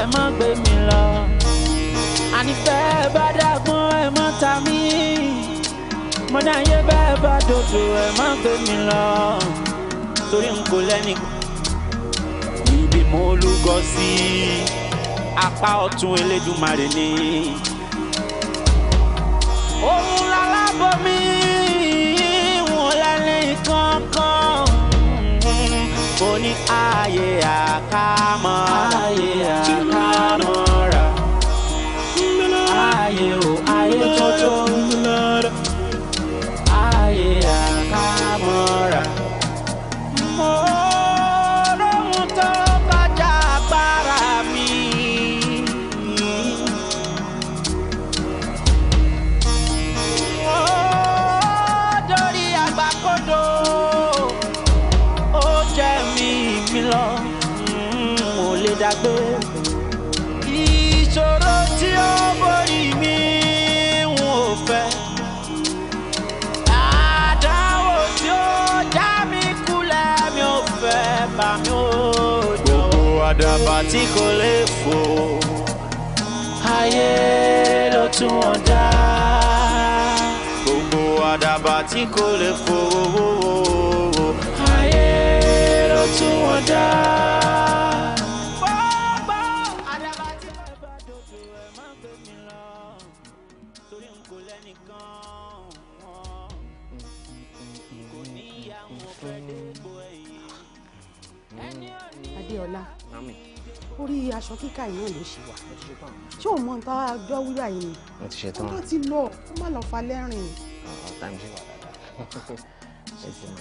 ẹ má gbé mi lọ ànífẹ́ bá dàgbọ́n ẹ má ta mí mọ́dá yé bẹ́ẹ̀ bá dòdò ẹ má gbé mi lọ torí n kò lẹ́ni ibi mo lúgọ sí apá ọ̀tún Elédùmarè ni òun lálábọ̀mí wọn lẹ́ni kankan ó ní ààyè àkàmọ́. ààyè àkàmọ́. tọ́jọ́. àdàbà tí kò lè fò ayé ló tún wọn dá gbogbo àdàbà tí kò lè fò. aṣọ kíkà yìí náà ló ṣe wà ṣé o mọ nípa ọjọ́ wíwà yìí ni mo ti ṣe tán ọjọ́ ti lọ ó má lọ fa lẹ́rìn. ọ̀hún táìmù ṣe wà dáadáa ẹ ti rójú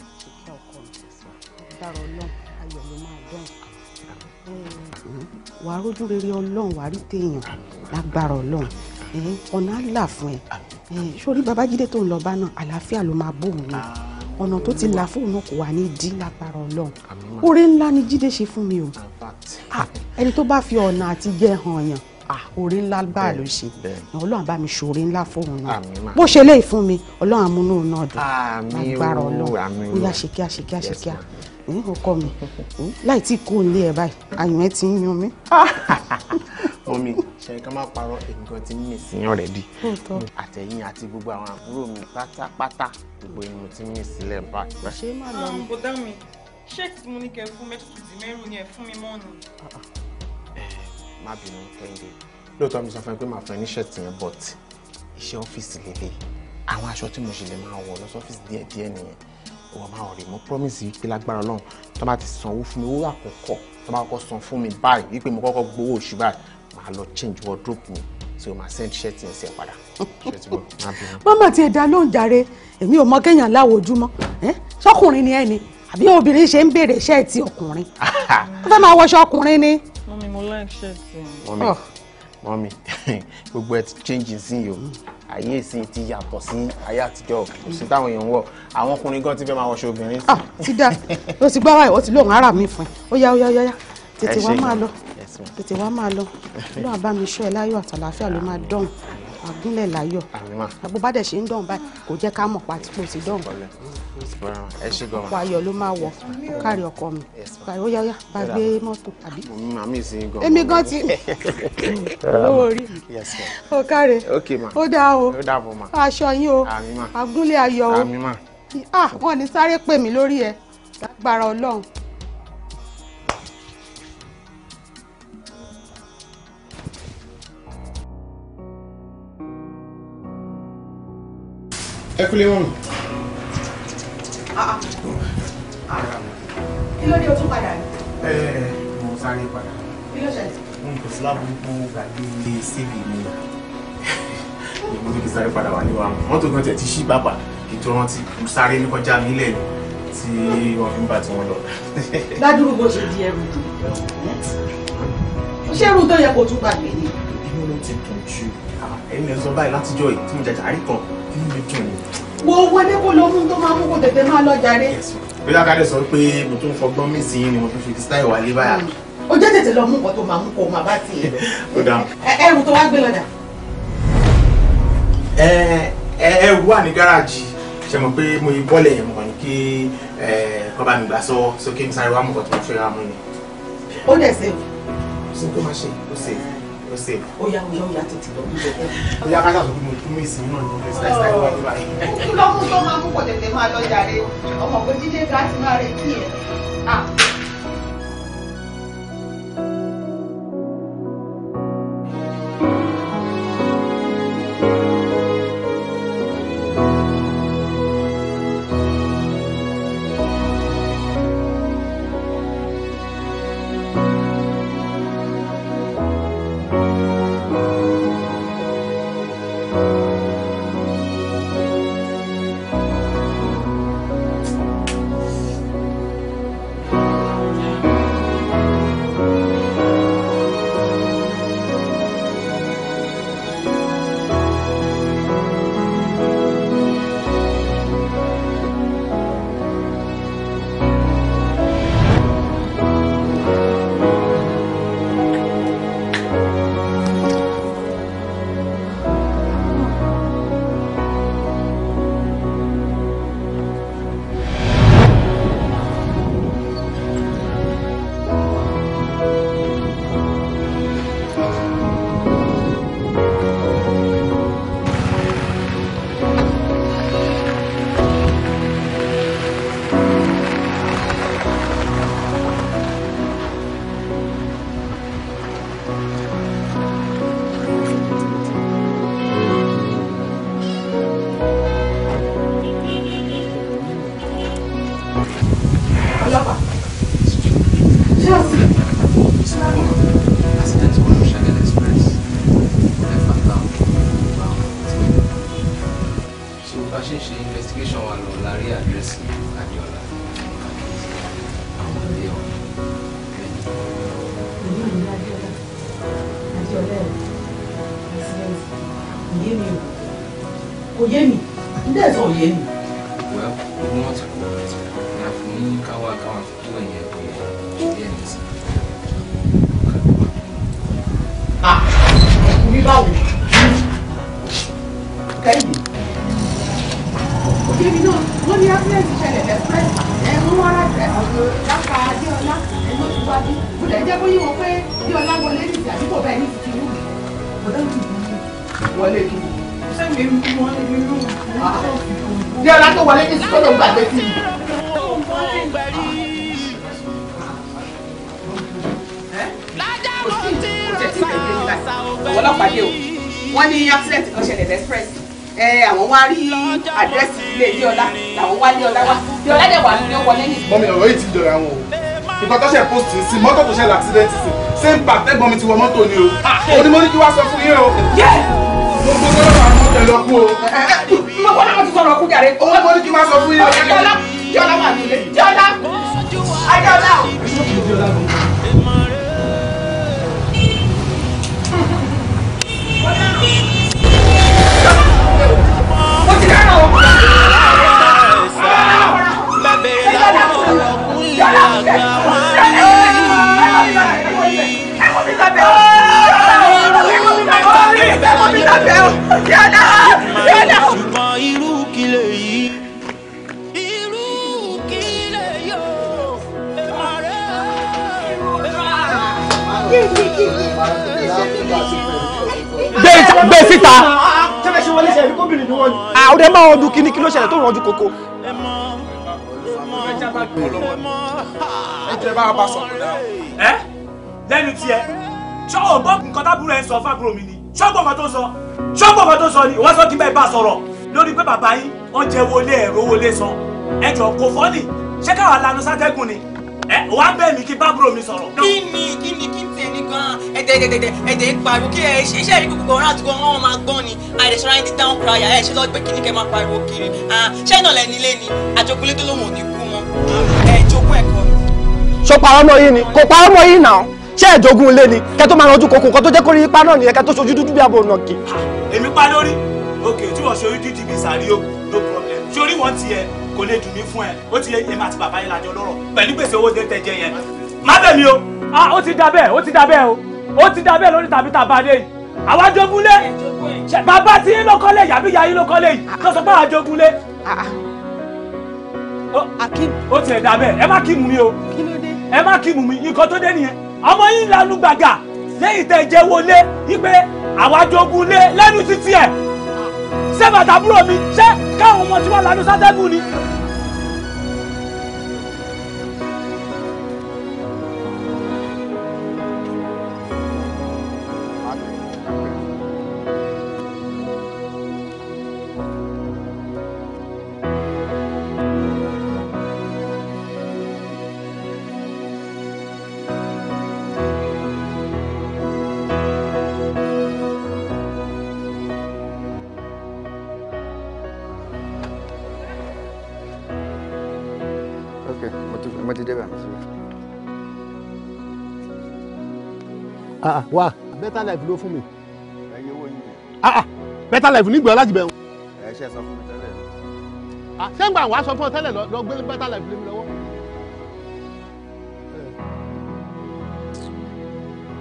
rere ọlọ́run wà rí téèyàn lágbára ọlọ́run ọ̀nà là fún ẹ sórí babájídé tó ń lọ bá náà àlàáfíà ló máa bóun náà ọ̀nà tó ti là fóun náà kò wà ní dí lágbára ọlọ́run oore ńlá ni jíde ṣe fún mi o ẹni tó bá fi ọ̀nà àti jẹ́ hàn yàn orí ńlá gbà ló ṣe ọlọ́run bá mi ṣòrí ńlá fóun náà bó ṣe lè fún mi ọlọ́run amúnú náà dùn agbára ọlọ́run ó yá ṣe kíá ṣe kíá ṣe kíá ọkọ mi láì tí kò nílé ẹ báyìí àyùn ẹ ti ń yan mí. omi ṣẹyìn kan máa parọ́ nǹkan tí mi sí yan rẹ di àtẹ̀yìn àti gbogbo àwọn àbúrò mi pátápátá gbogbo ìmọ̀ tí mi sílẹ̀ bá. ṣé má lọ. bọ̀dá mi ṣé tí mo ní kẹ́ fún mẹ́tòtò mẹ́rù ni ẹ̀ fún mi mọ́ọ̀nù má bínú kẹ́hìndé lóòótọ́ mi sọ fún ẹ pé màá fún ẹ ní ṣẹ́ẹ̀tì yẹn but iṣẹ́ ọ́fíìsì lélẹ̀ àwọn aṣọ tí mo ṣe lè máa wọ̀ lọ́sọ́fíìsì díẹ̀díẹ̀ nìyẹn wọ́n máa rè mo promise wípé lágbára ọlọ́run tó bá ti sanwó fún mi owó àkọ́kọ́ tó bá kọ́kọ́ san fún mi báyìí wípé mo kọ́kọ́ gbowó oṣù báyìí màá lọ change wardrobe mi so màá send shirt yẹn sí ẹ padà. mama tiẹ̀ dá lóhùn jàre èmi ò mọ kéèyàn láwòjúmọ́ sọkùnrin ni ẹni àbí obìnrin ṣe ń béèrè ṣẹ́ẹ̀tì ọkùnrin ó fẹ́ máa wọṣọ ọkùnrin ni mọ́mí mo like ṣe sí. mọ́mí mọ́mí gbogbo ẹ ti change sí yìí o ayé ìsìn ti yàtọ̀ sí ayé àtijọ́ kò sí táwọn èèyàn ń wọ̀ àwọn ọkùnrin gan ti fẹ́ máa wọṣọ obìnrin. ah ti da ló ti gbá wáyé ó ti lóun ara mi fún ẹ ó yá ó yá ó yá tètè wá máa lọ tètè wá máa lọ lọ́wọ́ bá mi ṣọ́ ẹ láyọ̀ àtàlàáfíà ló máa dọ̀hùn àgúnlẹ̀ láyọ̀ bó bá dẹ̀ ṣe ń dọ̀hún báyìí kò jẹ́ ká mọ̀ pàtí kò sí dọ̀hún. ọkọ̀ ayọ̀ ló máa wọ̀ kárí ọkọ mi ó yáyá bá gbé mọ́tò àbí. èmi gan ti lówó rí ó káre ó dá o aṣọ yín o àgúnlẹ̀ ayọ̀ o ah, wọ́n ní sáré pè mí lórí ẹ̀ lágbára ọlọ́run. ẹ kúlé mọ́ mi. Ah, ah. kí ló dé o tún padà ní. ẹ ẹ mo sáré padà. kí ló ṣẹlẹ̀. n kò sí láàbù mo gbàgbé ilé cv mi mo ní kí sáré padà wà níwá mọ́tò gan tẹ̀ ti ṣí bàbà kí tó rántí sáré ní kọjá nílẹ̀ ni tí wọ́n fi ń bá tí wọ́n lọ. ládùúgbò bó ṣe di ẹrù tó ṣé irú tó yẹ kó tún gbàgbé ni. inú ló ti dùn ju ẹni ẹ sọ báyìí látijọ́ yìí tí mo jàjà àríkan inú mi dùn wo owó ẹdẹ kó lọ mú tó máa mú kó tètè máa lọ jàre. bóyá ká lè sọ pé mo tún fọgbọ́n mí sí ni mo tún fi style wà lé báyà. o jẹ́ tètè lọ mú nǹkan tó máa mú kó o máa bá tiẹ̀ lọ. ẹrù tó wá gbé lọ dà. ẹrù wà ní gáràjì ṣe mọ̀ pé mo yí bọ́ọ̀lẹ̀ mo kàn ní kí kọ́ bá mi gbà sọ sókè mi sáré wá mọ̀ kọ́ tó máa fẹ́ ra mú ni. ó dẹ̀ ṣe o. ó ṣe tó máa ṣe ó ṣe ṣe. ó yá ó yá ó yá tètè lọ bíbẹ. ó yá kájà tó bí mo tún èsì náà ní ọdún ṣáà ṣáà wà níbàyí. kí lọ́mú tó máa mú kò tètè máa lọ jàre ọmọ kò jíjẹ́ ká ti máa retí ẹ̀ ah. ọkùnrin báwo kẹ́yìn obìnrin náà wọ́n ní ní ìjà ní ti tó wọlé ní sikọ́dọ̀ gbàgbé sí i. ọlọ́pàá dé o wọ́n ní accident kan ṣẹlẹ̀ express ẹ àwọn wá rí àdírẹ́sì ilé ilé ọlá làwọn wá lé ọlá wá bí ọlá dẹ̀ wà ní ó wọlé nìyí. mọ́mi ọ̀rọ̀ yìí ti jọra wọn o nǹkan tó ṣe post sí mọ́tò tó ṣẹlẹ̀ accident sí ṣé ń bà tẹ́gbọ́n mi ti wọ mọ́tò ni o òní ah, mo ní kí wá sọ fún yín o. gbogbo sọ́dọ̀ àwọn ọmọ tẹ̀lé ọkú o. Eh, eh, eh, mo kọ́ láwọn ti sọ̀rọ̀ ọkú jàre. òun mo ní kí wá sọ fún yín o. ọ̀gá jọ́lá jọ́lá wà nílé jọ́lá ajọ́lá. gbé síta ẹ ṣe wọlé ṣẹlẹ̀ kóbìnrin ni wọ́n ni. àwọn ẹ máa rọjú kíní kí ló ṣẹlẹ̀ tó rọjú kókó. ẹ jẹ bá a bá sọ. ẹ lẹ́nu tiẹ̀ ṣọ́wọ́ gbọ́ nǹkan tábúrò ẹ̀ sọ fábúrò mi ni ṣọ́gbọ̀n kan tó sọ ṣọ́gbọ̀n kan tó sọ ni ìwọ́n sọ kí bẹ́ẹ̀ bá sọ̀rọ̀ lórí pé bàbá yín wọ́n jẹ́ wọlé ẹ̀rọ wọlé san ẹ̀jọ̀ kò fọ́ ni ṣé káwa lanu sátẹ́gùn ni ẹ wá bẹ́ẹ̀ mi kí bábúrò mi sọ̀rọ̀. kí ni kí ni kí n tẹ̀ ní gan-an ẹ̀dẹ̀ẹ̀dẹ̀ẹ̀dẹ̀ ẹ̀dẹ̀ pariwo kí ẹ iṣẹ́ ìrí kúkú ọ̀rọ̀ àti ọ̀rọ̀ wọn máa gbọ́n ni àìdẹ̀ṣọ́ra ẹni dáhùn kúráyà ẹ̀ ṣe lọ́ọ́ gbé kíní kẹ́ máa pariwo kiri ṣé náà lẹ́ni lé ni àjogúnlé tó lóun ò ní kú mọ́ ẹ̀ jogún ẹ̀kọ́ ni. ṣó parọ́ mọ́ yín ni kò parọ́ mọ́ yín náà ṣé ẹ̀jogún ilé ni kẹ́ tó máa ranjú kòkò kan tó jẹ́ kórìí ipa náà nìyẹn kẹ́ tó ṣojú dúdú bí abo nàkì. èmi pa lórí òkè tí wọ́n ṣojú dídì bí sàrí ó no problem sórí wọn tiẹ̀ kò lè dùn mí fún ẹ ó ti yẹ èmi àti bàbá yẹn lájọ lọ́rọ̀ pẹ̀lú gbèsè owó tẹ tẹ jẹ yẹn má bẹ̀ mí o. a ah, ó ti da bẹ́ẹ̀ ó ti da bẹ́ẹ̀ o ó ti da bẹ́ẹ̀ lórí tàbí tàbá dé yìí àwa jogúnlé bàbá tí yín ló kọ́lé yàbí yàyí ló kọ́lé yìí tó sọ pé àwa jogúnlé. Ah, ah. ó tiẹ̀ da bẹ́ẹ̀ ẹ má kí mú mi o ẹ má kí mú mi nǹkan tó dé nìyẹn ọmọ yín lanu gbàgà lẹ́yìn tẹ̀ jẹ́ wọlé yí pé àwa jogúnlé lẹ́nu títí ẹ̀ ṣé bàtà búrò mi ṣé káwọn ọmọ tí wọ́n lanu sátẹ́gùn ni wa better life ló fún mi. ẹyẹ owó yín yẹn. Ah, ah, better life nígbà láti bẹ̀rù. ẹ ṣe sọ fún mi tẹ́lẹ̀. sẹ́ńgbà ah, wàá sọ fún ọ tẹ́lẹ̀ lọ gbé better life lé mi lọ́wọ́.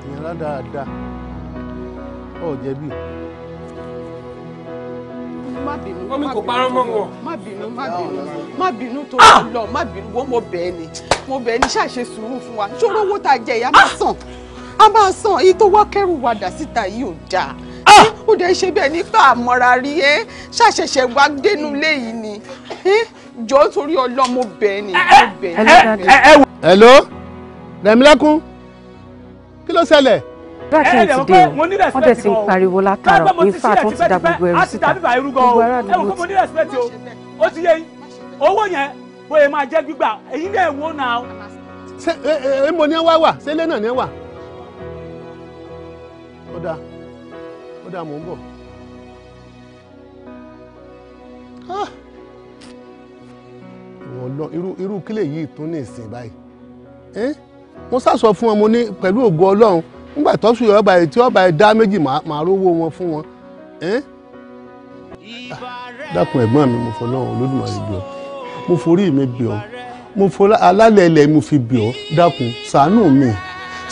èèyàn rádaràda ọ̀ jẹ̀bi. má bínú má bínú má bínú má bínú má bínú tó lọ má bínú wo mo bẹ̀ ẹ́ ni mo bẹ̀ ẹ́ ni ṣáà ṣe sùúrù fún wa ṣòro owó tá a jẹ ìyá má sàn a máa san èyí tó wá kẹrù wa dà síta yìí ò dáa ó dẹ̀ ṣe bẹ́ẹ̀ nípa àmọ́ra rí ẹ́ ṣàṣẹ̀ṣẹ̀ wá dénú léyìí ni jọ torí ọlọ́mọ bẹ́ẹ̀ ni bẹ́ẹ̀. hello rẹ̀mílẹ́kún kí ló ṣẹlẹ̀. dákẹ́ ti dé o wọ́n tẹ̀ sí pariwo látara in fact wọ́n ti da gbogbo ẹrù síta gbogbo ara ni mo ti. ó ti yẹ owó yẹn bóyá máa jẹ́ gbígbà èyí náà wò náà. ṣé èmo ni ẹ wá wà ṣé ilé náà ni ẹ wà ó dáa ó dáa mò ń bọ̀. Ah! irú irú kílè yìí tún ní ìsìn báyìí mo sàsọ fún wọn mo ní pẹ̀lú ògo ọlọ́run nígbà tó sùn ọba yìí tí ọba yìí dá méjì màá rówó wọn fún wọn. Ah! dákun ẹ̀gbọ́n mi mo fọlọ́run olódùmarè bí ọ mo forí mi bí ọ mo fọlá alálẹ̀ ilẹ̀ mo fi bí ọ dákun ṣàánú mi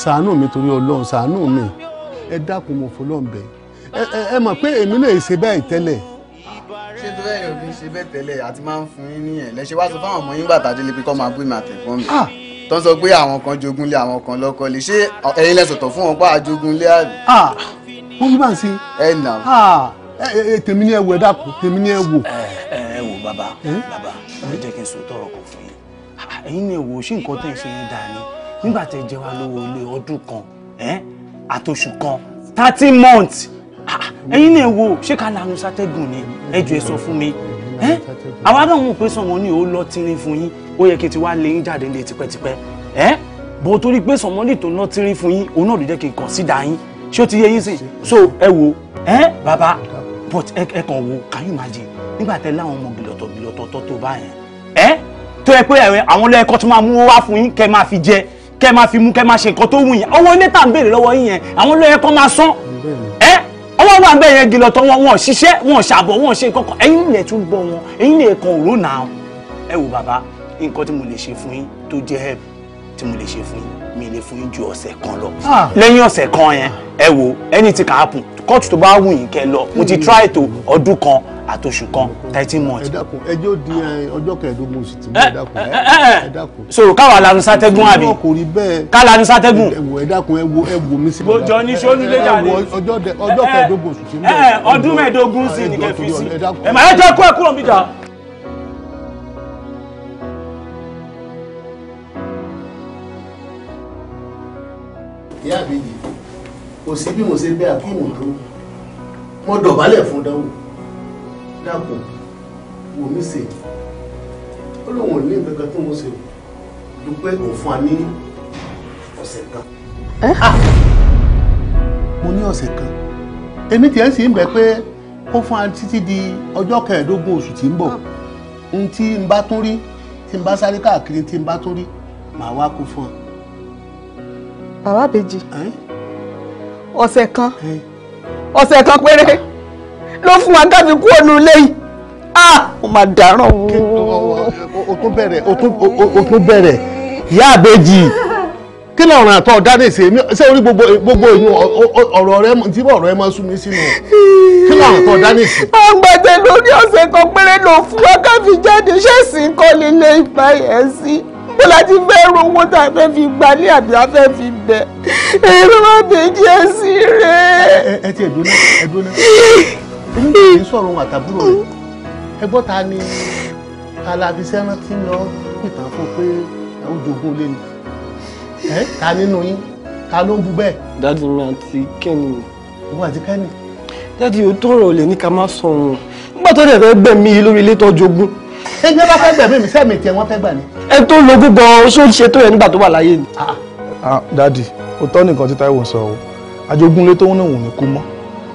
ṣàánú mi torí ọlọ́run ṣàánú mi ẹ dákun mọ̀ fọlọ́ǹbẹ ẹ mọ̀ pé èmi náà ṣe bẹ́ẹ̀ tẹ́lẹ̀. ṣé tó bẹ́ẹ̀ òfin ṣe bẹ́ẹ̀ tẹ́lẹ̀ àti máa ń fún yín nìyẹn lẹ́sẹ̀ wá sọ fáwọn ọmọ yín bàtà délé pé kọ́ máa bú ìmọ̀ àtẹ̀kọ́ mi ah! tó ń sọ pé àwọn kan jogúnlé àwọn kan lọ́kọ́lé ṣé ẹ̀yin lẹ́sọ̀tọ̀ fún wọn pa àjogúnlé àbí. Ah! wọ́n bí bá ń ṣe. ẹ nà. Ah! tèmi ni ẹ wò ẹ dákun tèmi ni ẹ wò. ẹ ẹ wò bàbá bàbá ẹ jẹ́ kí n sọ tọrọ kan fún yín ẹ̀yin ni ẹ wò ṣé nǹkan tẹ̀ ṣe yín dáa nígbà tẹ jẹ wá lówó ilé ọdún kan àtòṣù kan thirty months ah, ẹ̀yin náà wo ṣé ká lanu sátẹ́gùn ni ẹ jù ẹ sọ fún mi àwa náà mọ̀ pé sọ̀wọ́n ní ó lọ tínrín fún yín ó yẹ kí n ti wá lé yín jáde ní tipẹ́tipẹ́ bó torí pé sọ̀wọ́n tó ná tínrín fún yín òun náà ló jẹ́ kí n kàn sí dá yín ṣé ó ti yé yín sìn so ẹ wo bàbá but ẹ kàn wo can you imagine nígbà tẹ láwọn ọmọ gbìlọ̀tọ̀ gbìlọ̀tọ̀ tó báyẹn tó yẹ pé àwọn ọlọ́ẹ̀kọ́ tó máa mú wá fún yín kẹ́ máa fi jẹ kẹ́ máa fi mú kẹ́ máa ṣe nǹkan tó wù yín owó nẹ́tà ń béèrè lọ́wọ́ yín yẹn àwọn olóyè kan máa san ẹ ọwọ́ wà ń bẹ̀ yẹn gilọ̀ tán wọn wọn ṣiṣẹ́ wọn ṣàbọ̀ wọn ṣe nǹkan kan ẹ̀yin lè tún bọ̀ wọn ẹ̀yin lè kan òró nà án ẹ wò bàbá nǹkan tí mo lè ṣe fún yín tó jẹ́ help tí mo lè ṣe fún yín mi lè fún yín ju ọ̀sẹ̀ kan lọ. Ah. lẹ́yìn ọ̀sẹ̀ kan yẹn ẹ wo anything can happen kóòtù tó bá wù yín kẹ́ lọ mo ti hmm. try to ọdún kan àtòṣù kan thirteen months. ẹ dákun ẹjọ́ di ọjọ́ kẹẹ̀ẹ́dógún oṣù tí mo eh, eh, ẹ dákun eh, ẹ dákun. so káwa lanu sátẹ́gùn àbí ká lanu sátẹ́gùn. ẹ wò ẹ dákun ẹ wo ẹ wò mí sí. bójọ ní sọ́nù lé jàre. ọjọ́ kẹẹ̀ẹ́dógún oṣù tí mo. ọdún mẹ́ẹ̀ẹ́dógún sí ni kẹ́ fi sí. ẹ máa ẹ jẹ́ kó ẹ kúrò níjà. ìyá àbèjì kò sí bí mo ṣe bẹ́ akíìmù tó mo dọ̀bálẹ̀ fún dánwò dàpọ̀ wò mí ṣe ó lóun ò ní nǹkan kan tó mo ṣe dúpẹ́ kò fún wa ní ọ̀sẹ̀ kan. mo ní ọ̀sẹ̀ kan èmi tiẹ̀ sì ń bẹ̀ pé ó fún wa títí di ọjọ́ kẹẹ̀ẹ́dógún oṣù tí ń bọ̀ ohun hmm. tí n bá tún rí tí n bá sáré káàkiri tí n bá tún rí màá wá kó fún ọ bàbá bèjì ọ̀sẹ̀ kan ọ̀sẹ̀ kan péré ló fún wa ká fi kú ònú ilé yìí ó máa dáràn o. o tún bẹ̀rẹ̀ o tún bẹ̀rẹ̀ ìyá àbèjì kí ni ọ̀ràn àtọ̀ dáná ìṣe mi ṣé orí gbogbo gbogbo ìyún ọ̀rọ̀ rẹ tí ọ̀rọ̀ rẹ máa sún mi sínú kí ni ọ̀ràn àtọ̀ dáná ìṣe. àgbàdẹ lórí ọ̀sẹ̀ kan péré ló fún wa ká fi jáde ṣé sì ń kọ́ nílé ìgbà yẹn sí bó la ti fẹ́ rówó tá a fẹ́ fi gba ní àbí a fẹ́ fi bẹ̀ èyí ló bẹ jẹ́ sí rẹ. ẹ ti ẹdùn náà ẹdùn náà èmi kì í sọ̀rọ̀ ohun àtàbúrò rẹ ẹgbọ́n ta ni alábísẹ́ná ti lọ pìtàn fún pé ó jogún lé ni ẹ ta nínú yín ta ló ń bu bẹ́ẹ̀. dádì mi àti kẹ́ni. òun àti kẹ́ni. dádì o tọrọ olè ní ká má sọ òun nígbà tó dẹ̀ fẹ́ gbẹ̀mí lórí ilé tó jogún ẹni bá fẹ́ gbẹ̀mí mi sẹ́mi tiẹ̀ wọ́n fẹ́ gbà ni. ẹ tó lo gbogbo oṣù tó yẹ nígbà tó wà láyé ni. Ah. Ah, dadi o tọ́ nìkan tí Táíwò sọ o ajogunlé tó ń wùn mí kú mọ́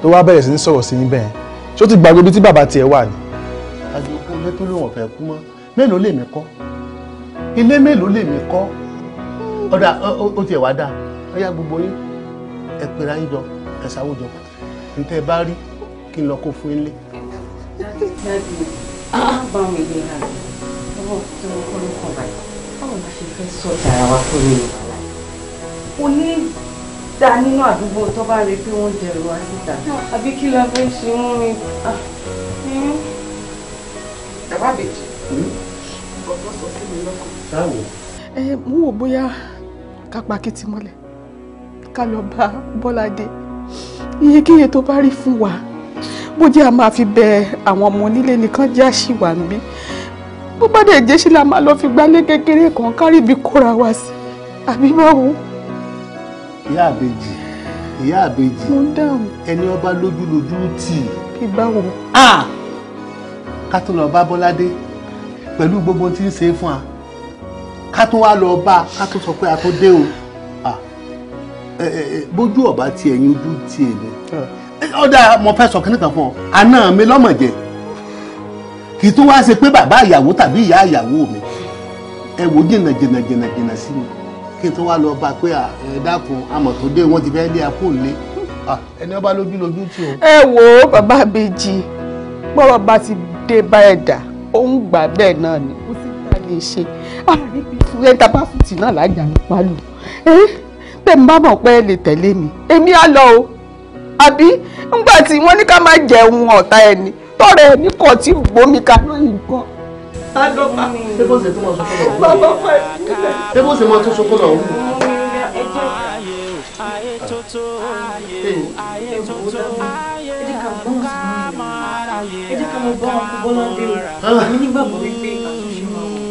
tó wá bẹ̀rẹ̀ sí ní sọ̀rọ̀ sí yín bẹ́ẹ̀ ṣó ti gbàgbé ibi tí bàbá tiẹ̀ wà ni. ajogunlé tó lóun ọ̀fẹ́ kú mọ́ mélòó lèmi kọ́ ilé mélòó lèmi kọ́ ọ̀dà ó tiẹ̀ wá dáa ó yá gbogbo yín ẹ pera yín jọ ẹ sáwó jọ ntẹ bá rí kí n lọ kó fún yín lé bá mi lè ra mi ọwọ́ tí mo kọ́ ló kàn báyìí báwo la ṣe fẹ́ sọ ìdára wa fún mi ìwà láì. o ní da nínú àdúgbò tó bá rí pé wọ́n dẹrù wá síta àbí kí la fẹ́ ṣe mú mi. bàbá bèjì ọ̀pọ̀ sọ sí mi lọ́kàn. báwo. ẹ mú wò bóyá ká pa kìtìmọ́lẹ̀ ká lọ bá Bọ́ládé iyekíye tó bá rí fún wa bó jẹ́ a máa fi bẹ àwọn ọmọ onílé nìkan jẹ́ àṣìwà níbí bó bá dẹ̀ jẹ́ ṣe la máa lọ fi gbálé kékeré kan kárí ibi kóra wa sí àbí báwo. ìyá àbèjì ìyá àbèjì ẹni ọba lójú lójú tì í. bí báwo. ká tó lọ bá bọ́ládé pẹ̀lú gbogbo tí ń ṣe fún wa ká tó wá lọ bá a ká tó sọ pé a tó dé o bójú ọba ti ẹ̀yin ojú ti èmi ọ̀dà mo fẹ́ sọ kínní kan fún ọ àná mi lọ́mọ jẹ kì í tún wá ṣe pé bàbá ìyàwó tàbí ìyá ìyàwó mi ẹ wò jìnnà jìnnà jìnnà jìnnà sí mi kí n tó wá lọ bá a pé ẹ dákun amọ̀ tó dé wọ́n ti fẹ́ dé akó lé ẹni ọba lójú lójú tí o. ẹ wo bàbá bèjì bọ́rọ̀ bá ti dé bá ẹ̀dá òun gbà bẹ́ẹ̀ náà ni kò sí ká lè ṣe àríbi fúrẹ́ńtà bá fìtì náà lájà ń palù bẹ́ẹ̀ ń bá mọ̀ pé ẹ lè tẹ̀lé mi èmi á lọ o àbí ńgbà tí wọ́n ní ká má jẹun ọ̀tá ẹni tọrẹ ẹni kọ tí gbomi ká lóyún kan. sádọ́pà mm. tẹ́bọ̀sẹ̀ tó máa sọ fún ọ̀hún. bàbá fẹ́ tẹ́bọ̀sẹ̀ máa tún sọ fún ọ̀hún. ẹ jẹ́ ká mọ bọ́ ọkọ̀ bọ́lá dé o mi nígbàgbọ́ wípé àtúnṣe máa wọ̀.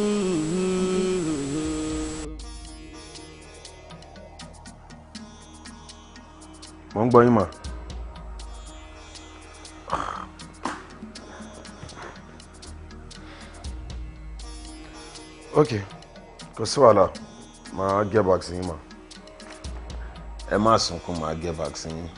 mo ń gbọ́ yín mọ̀. ok kò sí wàhálà màá gẹ́ vaccine mà ẹ má sunkún màá gẹ́ vaccine.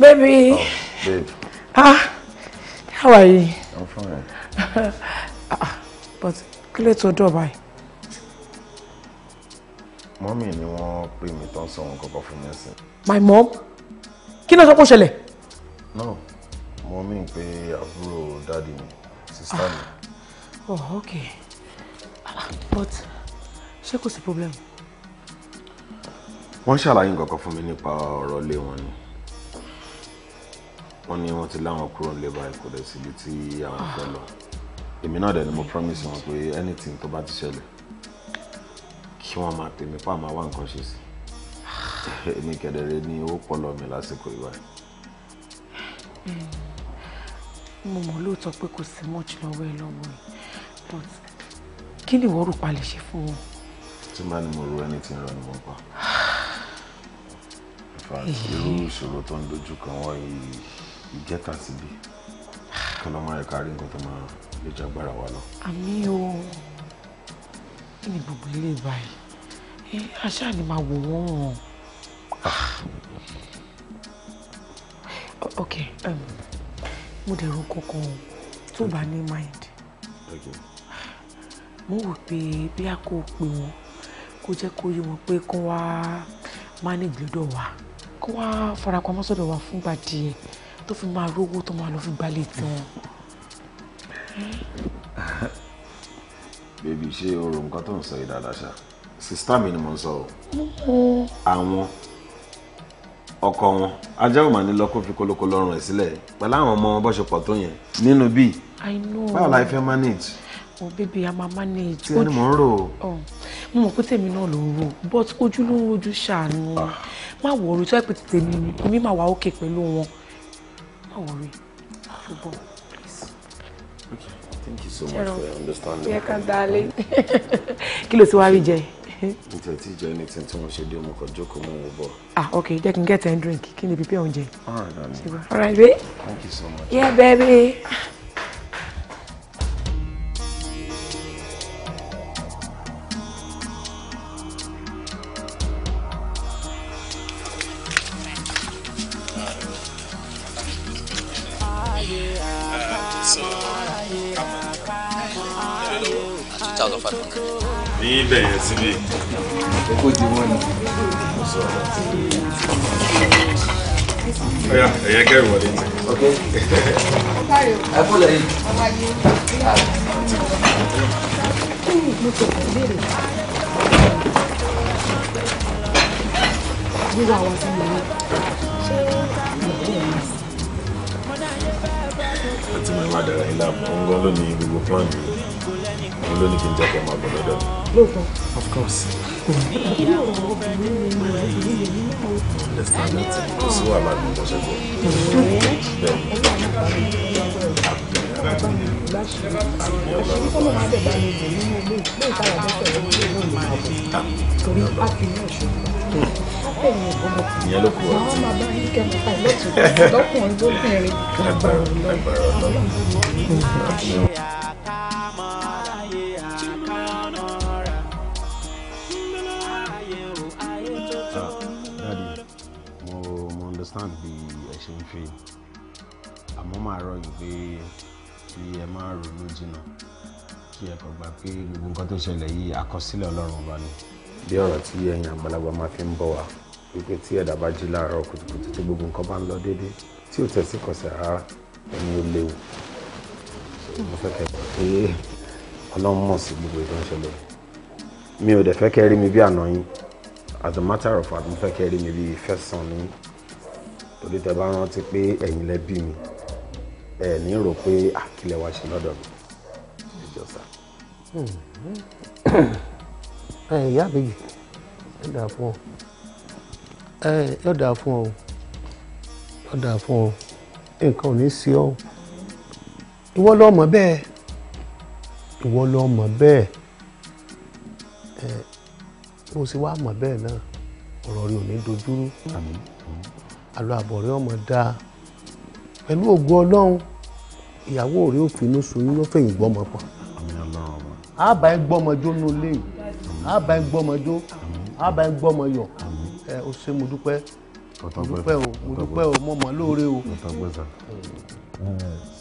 Baby. Oh, babe. Ah, how are you? I'm fine. ah, but kí ló tó dọ̀ báyìí? mọ́mì ni wọ́n pè mí tán sọ ohun kankan fún mi sí. my mom kí ló sọ pé ó ṣẹlẹ̀. no mo mí pé àbúrò dáàdi mi sísá mi. Ah. oh ok ah, but ṣé kò sí problem. wọ́n ṣàlàyé nǹkan kan fún mi nípa ọ̀rọ̀ ilé wọn ni wọ́n ní wọ́n ti láwọn kúrò nílé báyìí kò dẹ̀ síbi tí àwọn fẹ́ lọ èmi náà dẹ̀ ni mo promise wọn pé anything tó bá ti ṣẹlẹ̀ kí wọ́n máa tèmi pa máa wá nǹkan ṣe sí èmi kẹ̀dẹ̀rẹ̀ ni ó pọlọ mi lásìkò ìwà. Hmm. mo mọ̀ lóòótọ́ pé kò sí much lọ́wọ́ ẹ lọ́wọ́ ẹ but kí ni ìwọ rò pa lè ṣe fún wọn. tí bá ní mo ro ẹni tí ń rọ ni mo pa irú ìṣòro tó ń dojú kan wọ́n yìí ìjẹ́ta sí bí kí ló máa rẹ̀ kárí nǹkan tó máa lè jẹ́ agbára wa lọ. àmì o kí ni gbogbo ilé báyìí àṣà ni màá wò wọ́n. Ah. ok mo dẹ̀ ro kankan o tó bá ní mind mo wò pé bí a kò pè wọ́n kó jẹ́ kó yé wọn pé kó wá manage lọ́dọ̀ wa kó wá farapamọ́ sọ́dọ̀ wa fúngbà díẹ̀ tó fi máa rówó tó máa lọ fi gbalẹ̀ tí wọn. bèbí ṣé o rò nǹkan tó ń sọ yìí dáadáa ṣáà sista mi ni mo sọ o àwọn ọkọ wọn ajá ò mà ní lọ́kọ́ fi kólókó lọ́rùn ẹ̀ sílẹ̀ pẹ̀lú àwọn ọmọ wọn bó ṣe pọ̀ tó yẹn nínú bíi báwo la fẹ́ manage. oh baby a máa manage. tí ẹni mò ń rò ó. Oh, mo mọ̀ pé tèmi náà ló ń rò but ojú ló ń rojú ṣàánú ah. má wọrí tó ẹ̀ pé tèmi èmi máa wà òkè pẹ̀lú wọn má wọrí ṣùgbọ́n Okay, thank you so much for your understanding. yẹ ká dalẹ̀ kí ló ti wá rí jẹ ǹtẹ̀ tí jẹ́ ní tí wọ́n ṣe dé ọmọ kan jókòó mọ́ wọn bọ̀. ah ok jẹ́ kí n get ten drink kí n lè prepare oúnjẹ. Ah, all right babe. thank you so much. yeah baby. of course. ilé ọ̀rọ̀ ọkùnrin mi ni ọ̀rẹ́ mi ni mi jìnnà kí ẹ kàn gbà pé gbogbo nǹkan tó ṣẹlẹ̀ yìí àkọsílẹ̀ ọlọ́run ọba ni. bí ọ̀rọ̀ tí ẹ̀yin àgbàlagbà máa fi ń bọ̀ wá wípé tí ẹ̀dá bá jí láàárọ̀ kùtùkùtù tí gbogbo nǹkan bá ń lọ déédéé tí ò tẹ̀sí kọ̀sẹ̀ rárá ẹni ó léwu mo fẹ́ kẹ́ pé ọlọ́run mọ̀ sí gbogbo ìtàn ṣẹlẹ̀ mi ò dẹ̀ fẹ́ kẹ́ rí mi bí àná yín as a matter of fact mo fẹ́ kẹ́ rí mi bí first ẹ ìyá àbèjì ẹ dà fún ọ ẹ yọ dà fún ọ yọ dà fún ọ nǹkan ò ní sí ọ ìwọ ló mọ̀ bẹ́ẹ̀ ìwọ ló mọ̀ bẹ́ẹ̀ ẹ o sì wá mọ̀ bẹ́ẹ̀ náà ọ̀rọ̀ rẹ ò ní dojúrú àlọ àbọ̀ rẹ ọmọ dáa pẹ̀lú ògo Ọlọ́run ìyàwó rẹ ò finú sunú ló fẹ̀yìn gbọ́mọ pọ̀ àbá ẹ gbọ́mọjó nù léyìí àbá ẹ gbọ́mọjó àbá ẹ gbọ́mọyọ̀ ẹ o ṣe mo dúpẹ́ mo dúpẹ́ o mo dúpẹ́ o mo mọ̀ lóore o.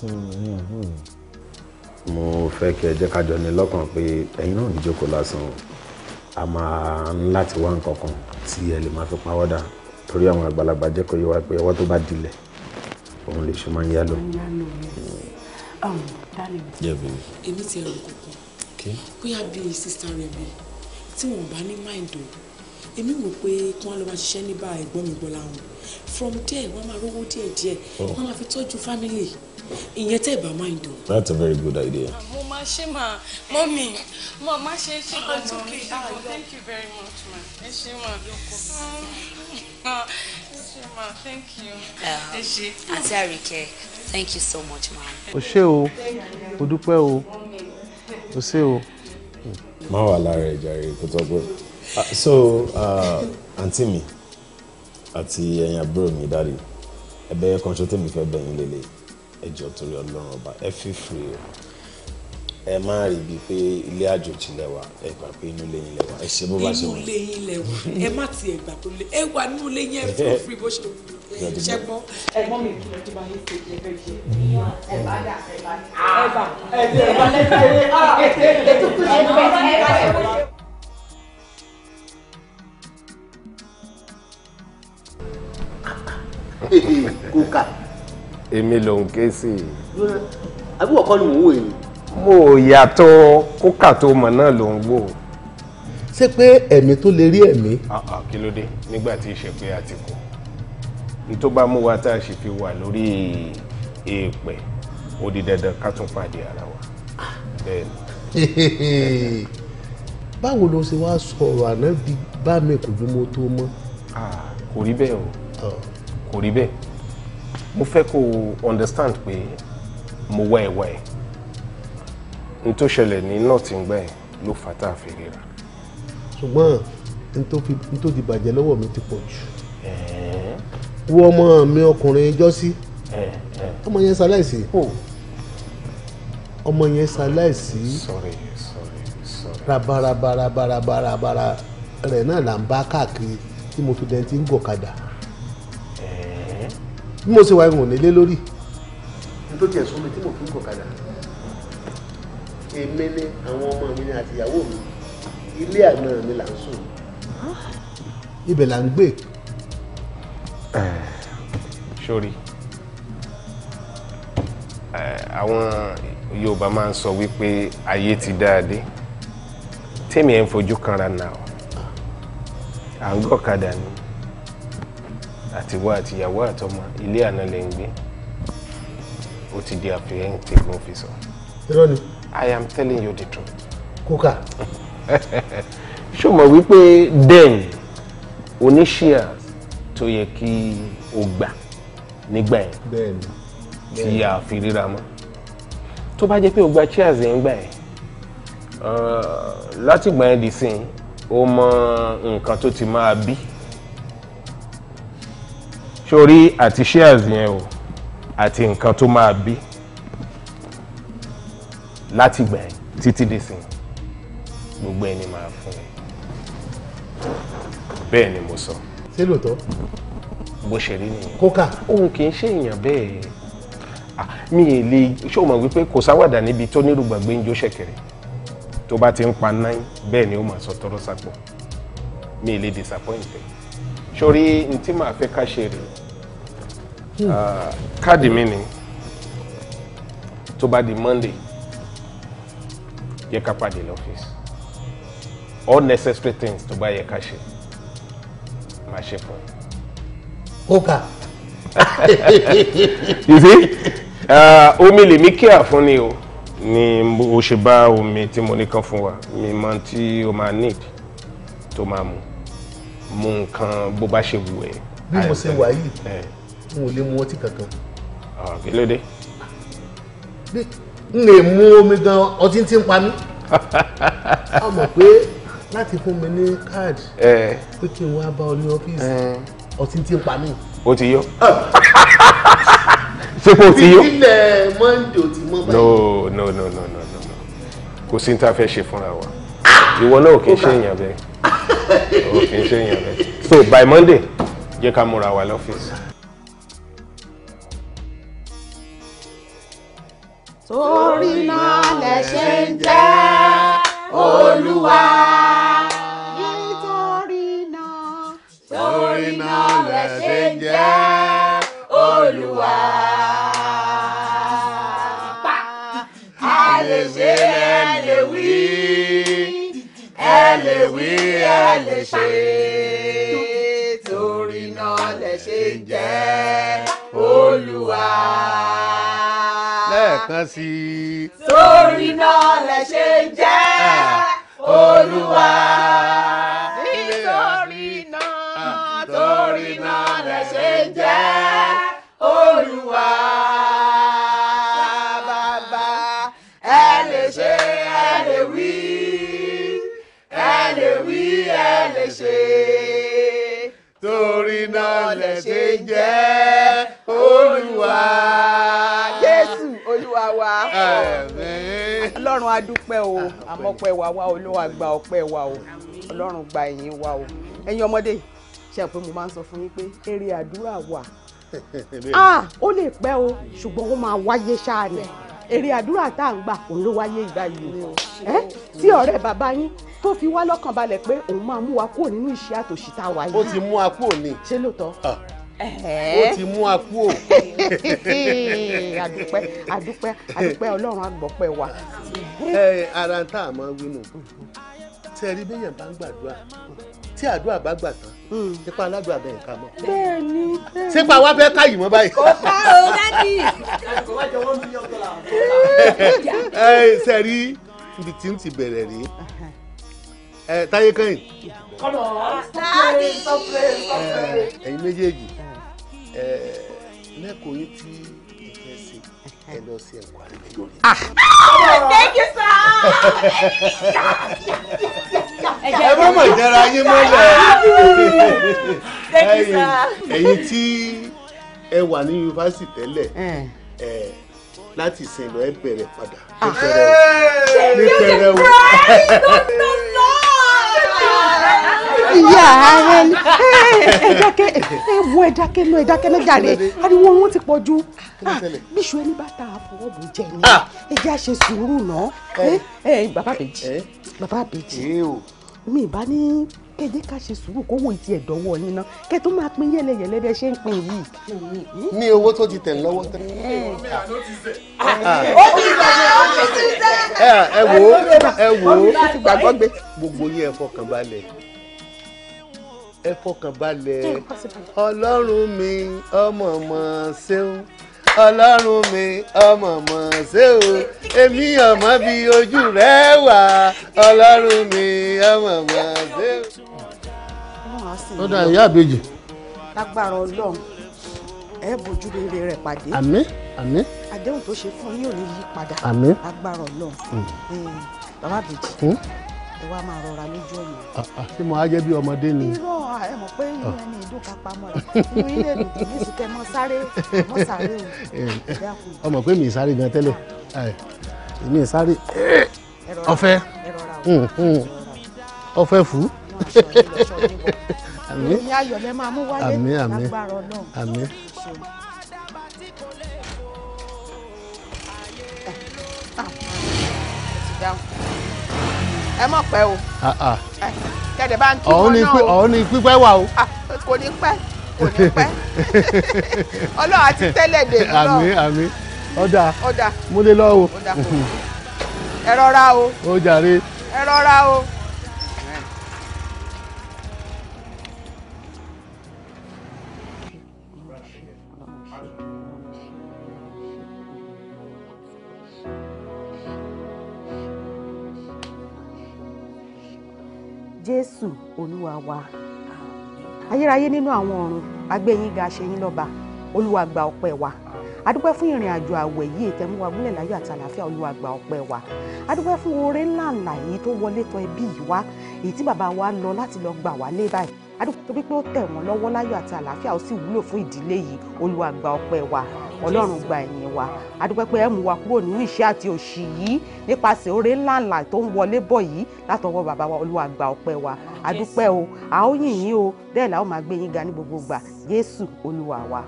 Hmm. mo fẹ́ kí ẹ jẹ́ ká jọ ní lọ́kàn pé ẹ̀yin náà ní jókòó lásán o a máa ń láti wá nǹkan kan tí ẹ lè máa fi pawọ́ dà torí àwọn àgbàlagbà jẹ́ kó yé wa pé ọwọ́ tó bá dilẹ̀ òun lè ṣe máa ń yá lọ. Um, èmi ti rò kó bóyá bíi sísá rẹ̀ mi tí wọ́n bá ní máìndò èmi wò pé kí wọ́n lọ máa ṣiṣẹ́ ní bá mi gbọ́ láwọn from there wọ́n máa rówó díẹ̀ díẹ̀ oh. wọ́n máa fi tọ́jú family ìyẹn tẹ́ bá máìndò. that's a very good idea. Ah, mo máa ṣe máa mọ́mì mo máa ṣe é ṣe gbọ́dọ̀ thank you very much ma ẹ ṣe ma ah, ẹ ṣe ma thank you um, ẹ ṣe. àti àríkẹ́ thank you so much ma. o ṣé o o dúpẹ́ o kò sí o. má wà lára ẹ jàre kó tó gbé so ah, àǹtí mi àti ẹ̀yin àbúrò mi dáre ẹ̀bẹ̀ kan ṣó tèmi fẹ́ bẹ̀yìn lélẹ̀ ẹjọ́ torí Ọlọ́run ọba ẹ fi free ẹ má rí bíi pé ilé àjòjì lẹwà ẹ gbà pé inú ilé yín lẹwà ẹ ṣe bó bá ṣe wù. inú ilé yín lẹwà ẹ má tiẹ̀ gbà pé ẹ wà nínú ilé yín ẹ fún òfin bó ṣe wù ṣẹgbọn ẹ̀gbọ́n mi kìlọ̀ tó bá yẹ ṣe ẹgbẹ́ ṣe ẹ bá dà ẹ bá dà ẹ bá ẹdẹ ẹ bá lẹsẹ ẹ á ẹsẹ ẹ tuntun ṣe bẹ ẹ bá ẹ bá. Ah, kókà. èmi ló ń ké sí i. àbúrò kọ́ ni mò ń wò yìí mo yàtọ̀ kókà tó mọ̀ náà ló ń wò. ṣé pé ẹ̀mí tó lè rí ẹ̀mí. Ah, ah, kí ló dé nígbà tí ìṣe pé a ti kú ní tó bá mú wa tá a sì fi wà lórí èèpẹ̀ ó di dandan ká tún pàdé ara wa. báwo ló ṣe wá sọ̀rọ̀ àná bí bá mi kò bí mo tó mọ́. Ah, kò rí bẹ́ẹ̀ o kò rí bẹ́ẹ̀ mo fẹ́ kó understand pé mo wá ẹ̀ wá ẹ̀ n tó ṣẹlẹ̀ ní north ngbẹ́ yẹn ló fà tá a fi ríra. ṣùgbọ́n n tó di bàjẹ́ lọ́wọ́ mi ti pọ̀ jù wo ọmọ mi ọkùnrin jọ́sí ọmọ yẹn ṣaláìsí ọmọ yẹn ṣaláìsí rabarabarabarabara rẹ̀ náà là ń bá káàkiri tí mo fi dẹ́ntì ń gọ̀kadà bí mo ṣe wá ìwọ̀n nílé lórí. n tó tiẹ̀ sún mi tí mo fi ń gọ̀kadà èmi ni àwọn ọmọ mi ni àti ìyàwó mi ilé àná mi là ń sùn. ibẹ̀ là ń gbé. Eh, sórí eh, àwọn Yorùbá máa ń sọ wípé ayé ti dáadé tèmi ẹ̀ ń fojú kanra nà ọ́ à ń gọ̀kadà ni àtiwọ́ àtìyàwó àtọmọ ilé àná lè ń gbé ó ti di àfihàn tèmi ò fi sọ. irọ́ I am telling you the truth. Kuka? Ṣó mọ̀ wípé den oníṣíà tó yẹ kí o gbà nígbà yẹn. Bẹ́ẹ̀ni. Tí a fi ríra mọ́. Tó bá jẹ́ pé o gba chairs yẹn gbà yẹn. Uh, Látìgbà yẹn dì sí o mọ nǹkan tó ti máa bí. Sori àti chairs yẹn o àti nǹkan tó máa bí láti gbà ẹ́ títí dé sí gbogbo ẹni máa fún ẹ bẹ́ẹ̀ ni mo sọ. ṣé lóòótọ́. bó ṣe rí nìyẹn. kókà. òun kì í ṣe èèyàn bẹ́ẹ̀ mi ì lè ṣó mọ̀ wípé kò sáwàdà níbi tó nírú gbàgbé ń jó ṣẹ̀kẹ̀rẹ̀ tó bá ti ń pa náírà bẹ́ẹ̀ ni ó máa sọ tọrọ sápò mi ì lè disappoint ẹ n tí màá fẹ́ ká ṣe rèé hmm. káàdì mi ni tó bá di Monday jẹ́ ká de lọ́fíìsì all necessary things to buy yẹ ká ṣe máa Oka. you see uh, omi lèmi kíá fún ni o ni mo ṣe bá omi tí mo ní kan fún wa mi mọ tí o máa need tó máa mu mu nǹkan bó bá ṣe wù ẹ́. bí mo ṣe wà yìí n ò lè mu ọtí kankan. kí ló dé n lè mu omi gan ọtí tí ń pa mí ọ mọ̀ pé láti fún mi ní káàdì pé kí n wá bá ọ ní ọ́fíìsì ọtí tí ń pa mí. o ti yọ ah. ṣé kò ti yọ. ìpínlẹ̀ mọ́ndé ti mọ́ báyìí. no no no no no no kò sí ní ta fẹ́ ṣe fúnra wa ìwọ náà ò kì í ṣe èèyàn bẹ́ẹ̀ kì í ṣe èèyàn bẹ́ẹ̀ so by Monday jẹ́ ká múra wa lọ́fíìsì. torí náà lẹ ṣe ń jẹ́ olúwa. nítorí náà torí náà lẹ ṣe ń jẹ́ olúwa. a lè ṣe ẹ lè wí ẹ lè wí ẹ lè ṣe torí kan sí i. sórí náà lè ṣe jẹ́ ah. olúwa. nítorí náà torí ah. náà lè ṣe jẹ́ olúwa. bàbá ẹ lè ṣe ẹ lè wí ẹ lè wí ẹ lè ṣe torí náà lè ṣe jẹ́ olúwa ọlọ́run á dúpẹ́ o àmọ́ ọpẹ́ wa wá olówó àgbà ọpẹ́ wa o ọlọ́run gba ẹ̀yìn wa o ẹ̀yin ọmọdé ṣe àpò mo máa ń sọ fún yín pé eré àdúrà wà ah, ó lè pẹ́ o ṣùgbọ́n ó máa wáyé ṣáà ni èrè àdúrà tá à ń gbà òun ló wáyé ìgbà yìí ẹ tí ọ̀rẹ́ bàbá yín tó fi wá lọ́kàn balẹ̀ pé òun máa mú wa kúrò nínú ìṣẹ́ àtòṣì tá a yìí. ó ti mú wa kúrò ní. ṣé lóòótọ́. Ah ó ti mú a kú o. àdúpẹ́ àdúpẹ́ àdúpẹ́ ọlọ́run àgbọ̀pẹ́ wa. ara tá a máa wí nù tẹ rí bẹ́yàn bá ń gbàdúrà tí àdúrà bá gbà tán nípa hmm. aládùúrà bẹ́ẹ̀ ká mọ́. bẹ́ẹ̀ni bẹ́ẹ̀ni. ṣé pa wá fẹ́ ká yìí mọ́ báyìí. kò bá o dádì. ṣe rí ibi tí ń ti bẹ̀rẹ̀ rí táyé kẹ́yìn come on ah, stop playing stop playing stop eh, playing. ẹ̀yin méjèèjì eh, lẹ́kọ̀ọ́ yìí tí ẹ fẹ́ ṣe ẹ lọ sí ẹ̀kọ́ àrẹ̀lẹ̀ yóò rí. thank you sir. ẹ má mọ̀ ìdára yín mọ́lẹ̀ ẹ̀yin tí ẹ wà ní yunifásitì tẹ́lẹ̀ eh. láti sìn lọ ẹ bẹ̀rẹ̀ padà ní pẹrẹwu. Ah. ìyá ààrẹ ni ẹ dákẹ́ ẹ wọ ẹ dákẹ́ lọ ẹ dákẹ́ lọ jàre ariwo wọn ti pọ̀ jù ah, ah, bíṣu ẹni bá ta àfọwọ́bù jẹ ni ah! ẹ jẹ́ àṣẹ sùúrù náà ẹ bàbá bèjì bàbá bèjì mi ìbá ní kẹjẹ ká ṣe sùúrù kó wo ìtì ẹdọwọ yín ná kẹ tó máa pín yẹlẹyẹlẹ bẹ ṣe ń pín yìí. ní owó tó ti tẹ̀ lọ́wọ́ tẹ́lẹ̀. ó ti tẹ̀ ó ti tẹ̀. Eh, ẹ wo ẹ wo gbàgbọ́ gbé gbogbo yín fọkàn balẹ̀ ẹ fọkàn balẹ̀ ọlọ́run mi ọmọ ọmọ ṣeun ọlọ́run mi ọmọ ọmọ ṣe o èmi ọmọ bí ojú rẹ wà ọlọ́run mi ọmọ ọmọ ṣe o. ó dà ìyá àbèjì. lágbára ọlọ́run ẹ bójú rere rẹ pàdé. àmín àmín. àdéhùn tó ṣe fún yín ò ní yí padà. àmín. lágbára ọlọ́run mm. bàbá àbèjì. Mm ẹ wá máa rọra lójú ọ̀nà. Ah, ah, ṣé mo á jẹ́ bí ọmọdé ni. irọ́ ah, ẹ mọ̀ pé inú ẹni ìdún ká pamọ́ rẹ̀ inú ilé ìdùn kò ní ìsìnkẹ́ mọ́ sáré mọ́ sáré o. Eh, eh, ọmọ pé mi ì sáré gan tẹ́lẹ̀ mi fún. ìròyìn ayọ̀ lẹ máa mú wálé lágbára ẹ mọ̀ pẹ́ o ah, ah. kẹ̀dẹ̀ bá ń kí wọn náà o ọ̀hún ni pípẹ́ wà o ah, kò ní pẹ́ kò ní pẹ́ ọlọ́run àti tẹ́lẹ̀ dè mí lọ àmín àmín ọ̀dà ọ̀dà múlẹ̀ lọ́wọ́ ẹ rọra o ó jàre ẹ rọra o. jésù olúwa wa ayérayé nínú àwọn ọ̀run agbẹ́yìn ga ṣẹ́yìn lọ́ba olúwa gba ọpẹ́ wa adúpẹ́ fún ìrìn àjò àwẹ̀ yìí ìtẹ́múwa gúnlẹ̀ láyọ̀ àti àlàáfíà olúwa gba ọpẹ́ wa adúpẹ́ fún oore ńláńlá yìí tó wọlé tọ̀ ẹbí yìí wá èyí tí bàbá wa lọ láti lọ gbà wá lé báyìí adúpẹ́ tó bí pé ó tẹ̀ wọ́n lọ́wọ́ láyọ̀ àti àlàáfíà ó sì wúlò fún ìdílé yìí olúwa gba ọpẹ́ wa ọlọ́run gba ẹ̀yìn wa adúpẹ́ pé ẹ mú wa kúrò nínú ìṣẹ́ àti òṣì yìí nípasẹ̀ oore ńláńlá tó ń wọlé bọ̀ yìí látọwọ́ bàbá wa olúwa gba ọpẹ́ wa adúpẹ́ o a ó yìn yín o bẹ́ẹ̀ la ó máa gbé yín ga ní gbogbo gbà jésù olúwa wa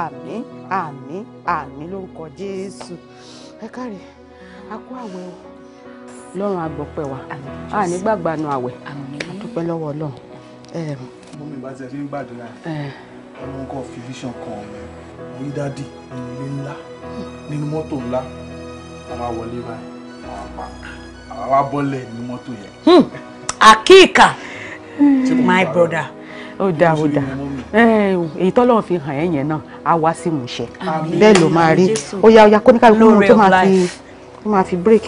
àmín àmín àmín lórúkọ jésù ẹ káre a kú àwẹ̀ o lọ́run agbọ̀pẹ́ wa a nígbàgbà nu àwẹ̀ adúpẹ́ lọ́wọ́ ọlọ́run. mo mi bá ti ẹ fi ń gbàdúrà ọlọ́run kò fi vision kan ọ̀mọ́ rí dádì nínú ilé ńlá nínú mọ́tò ńlá àwa wọlé báyìí àwa bọ́lẹ̀ nínú mọ́tò yẹn. Hmm, àkíkà my brother ó dáa ó dáa èyí tọ́lọ́run fi hàn ẹ́ yẹn náà á wá sí ìmúṣẹ bẹ́ẹ̀ ló máa rí ó yá ó yá kó ní káàbí tó máa fi tó máa fi break.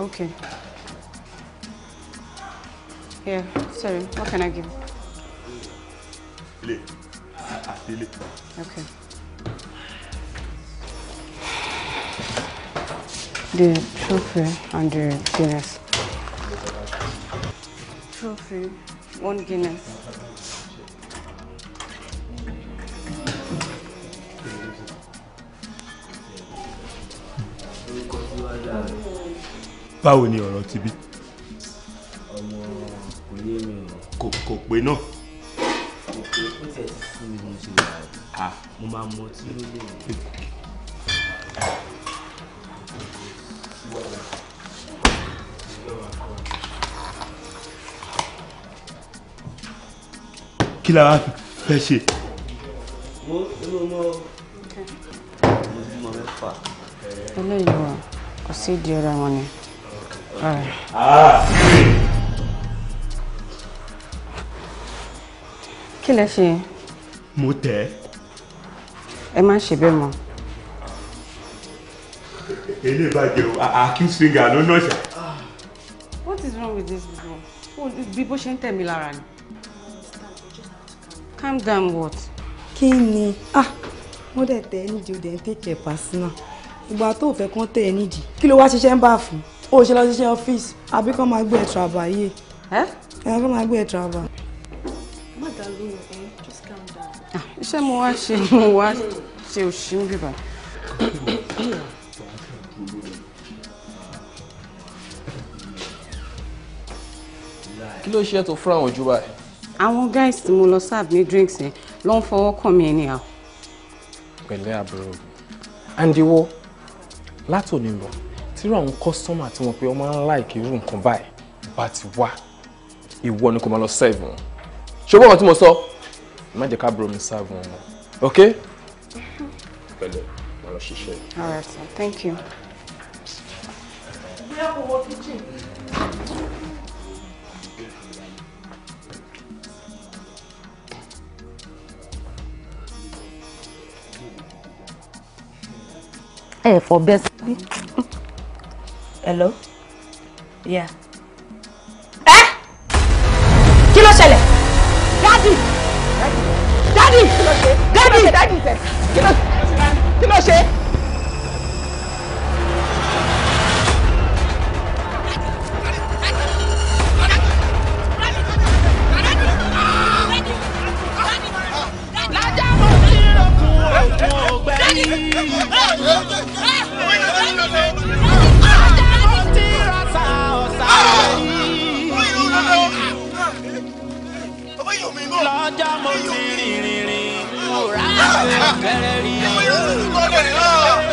Okay. Yeah, sorry, what can I give you? àdélé. Okay. The trophy and the Guinness. Trophy, one Guinness. báwo ni ọ̀rọ̀ ti bí. ọmọ kò yé mi o. kò pé náà wò pé ó tiẹ̀ ti sí mi mo máa mọ tí ó lè rí. kí la wá fẹ́ ṣe. mo inú mọ́ ojúmọ́ mẹ́fà. eléyìí wà kò sí ìdí ọ̀rọ̀ wọn ni. kí lẹ ṣe. mo tẹ. ẹ má ṣe bẹ́ẹ̀ mọ́. ilé ìbàjẹ́ o accuse finger ló náà ṣá. what is wrong with this people bí bó ṣe ń tẹ̀ mí lára ni. calm down what. kí ni ah wọ́n dẹ̀ tẹ̀ ẹ́ nídìí ó dẹ̀ ń tẹ̀kẹ̀ personal ìgbà tó fẹ́ kán tẹ̀ ẹ́ nídìí kí ló wá ṣiṣẹ́ ń bá fún ó ṣe lọ ṣiṣẹ́ ọ́fíìsì àbí kán máa gbé ẹ̀ tàbá yé ẹ̀ kán máa gbé ẹ̀ tàbá iṣẹ́ mo wá ṣe mo wá ṣe òṣì ń bìbà. kí ló ṣe tó fún àwọn ojú báyìí. àwọn guys tí mo lọ serve ní drinks yẹn ló ń fọwọ́ kàn mí ẹni àwọ̀. pẹ̀lẹ́ àbúrò mi andiwo látòní lọ tírú àwọn kọ́sọ́mà tí wọ́n pe ọmọ ńlá ìkírú nǹkan báyìí bá ti wá ìwọ ni kò máa lọ serve wọn ṣọwọ́ kan tí mo sọ má jẹ́ ká bro mi serve wọn ok. pẹ̀lẹ́ màá lọ ṣiṣẹ́. all right sir thank you. bí a wọ kitchen. ẹ fọ bẹ́ẹ̀ sí. hello yeah. kí ló ṣe. Ìwé ìròyìn gbọ́dọ̀ yìí náà.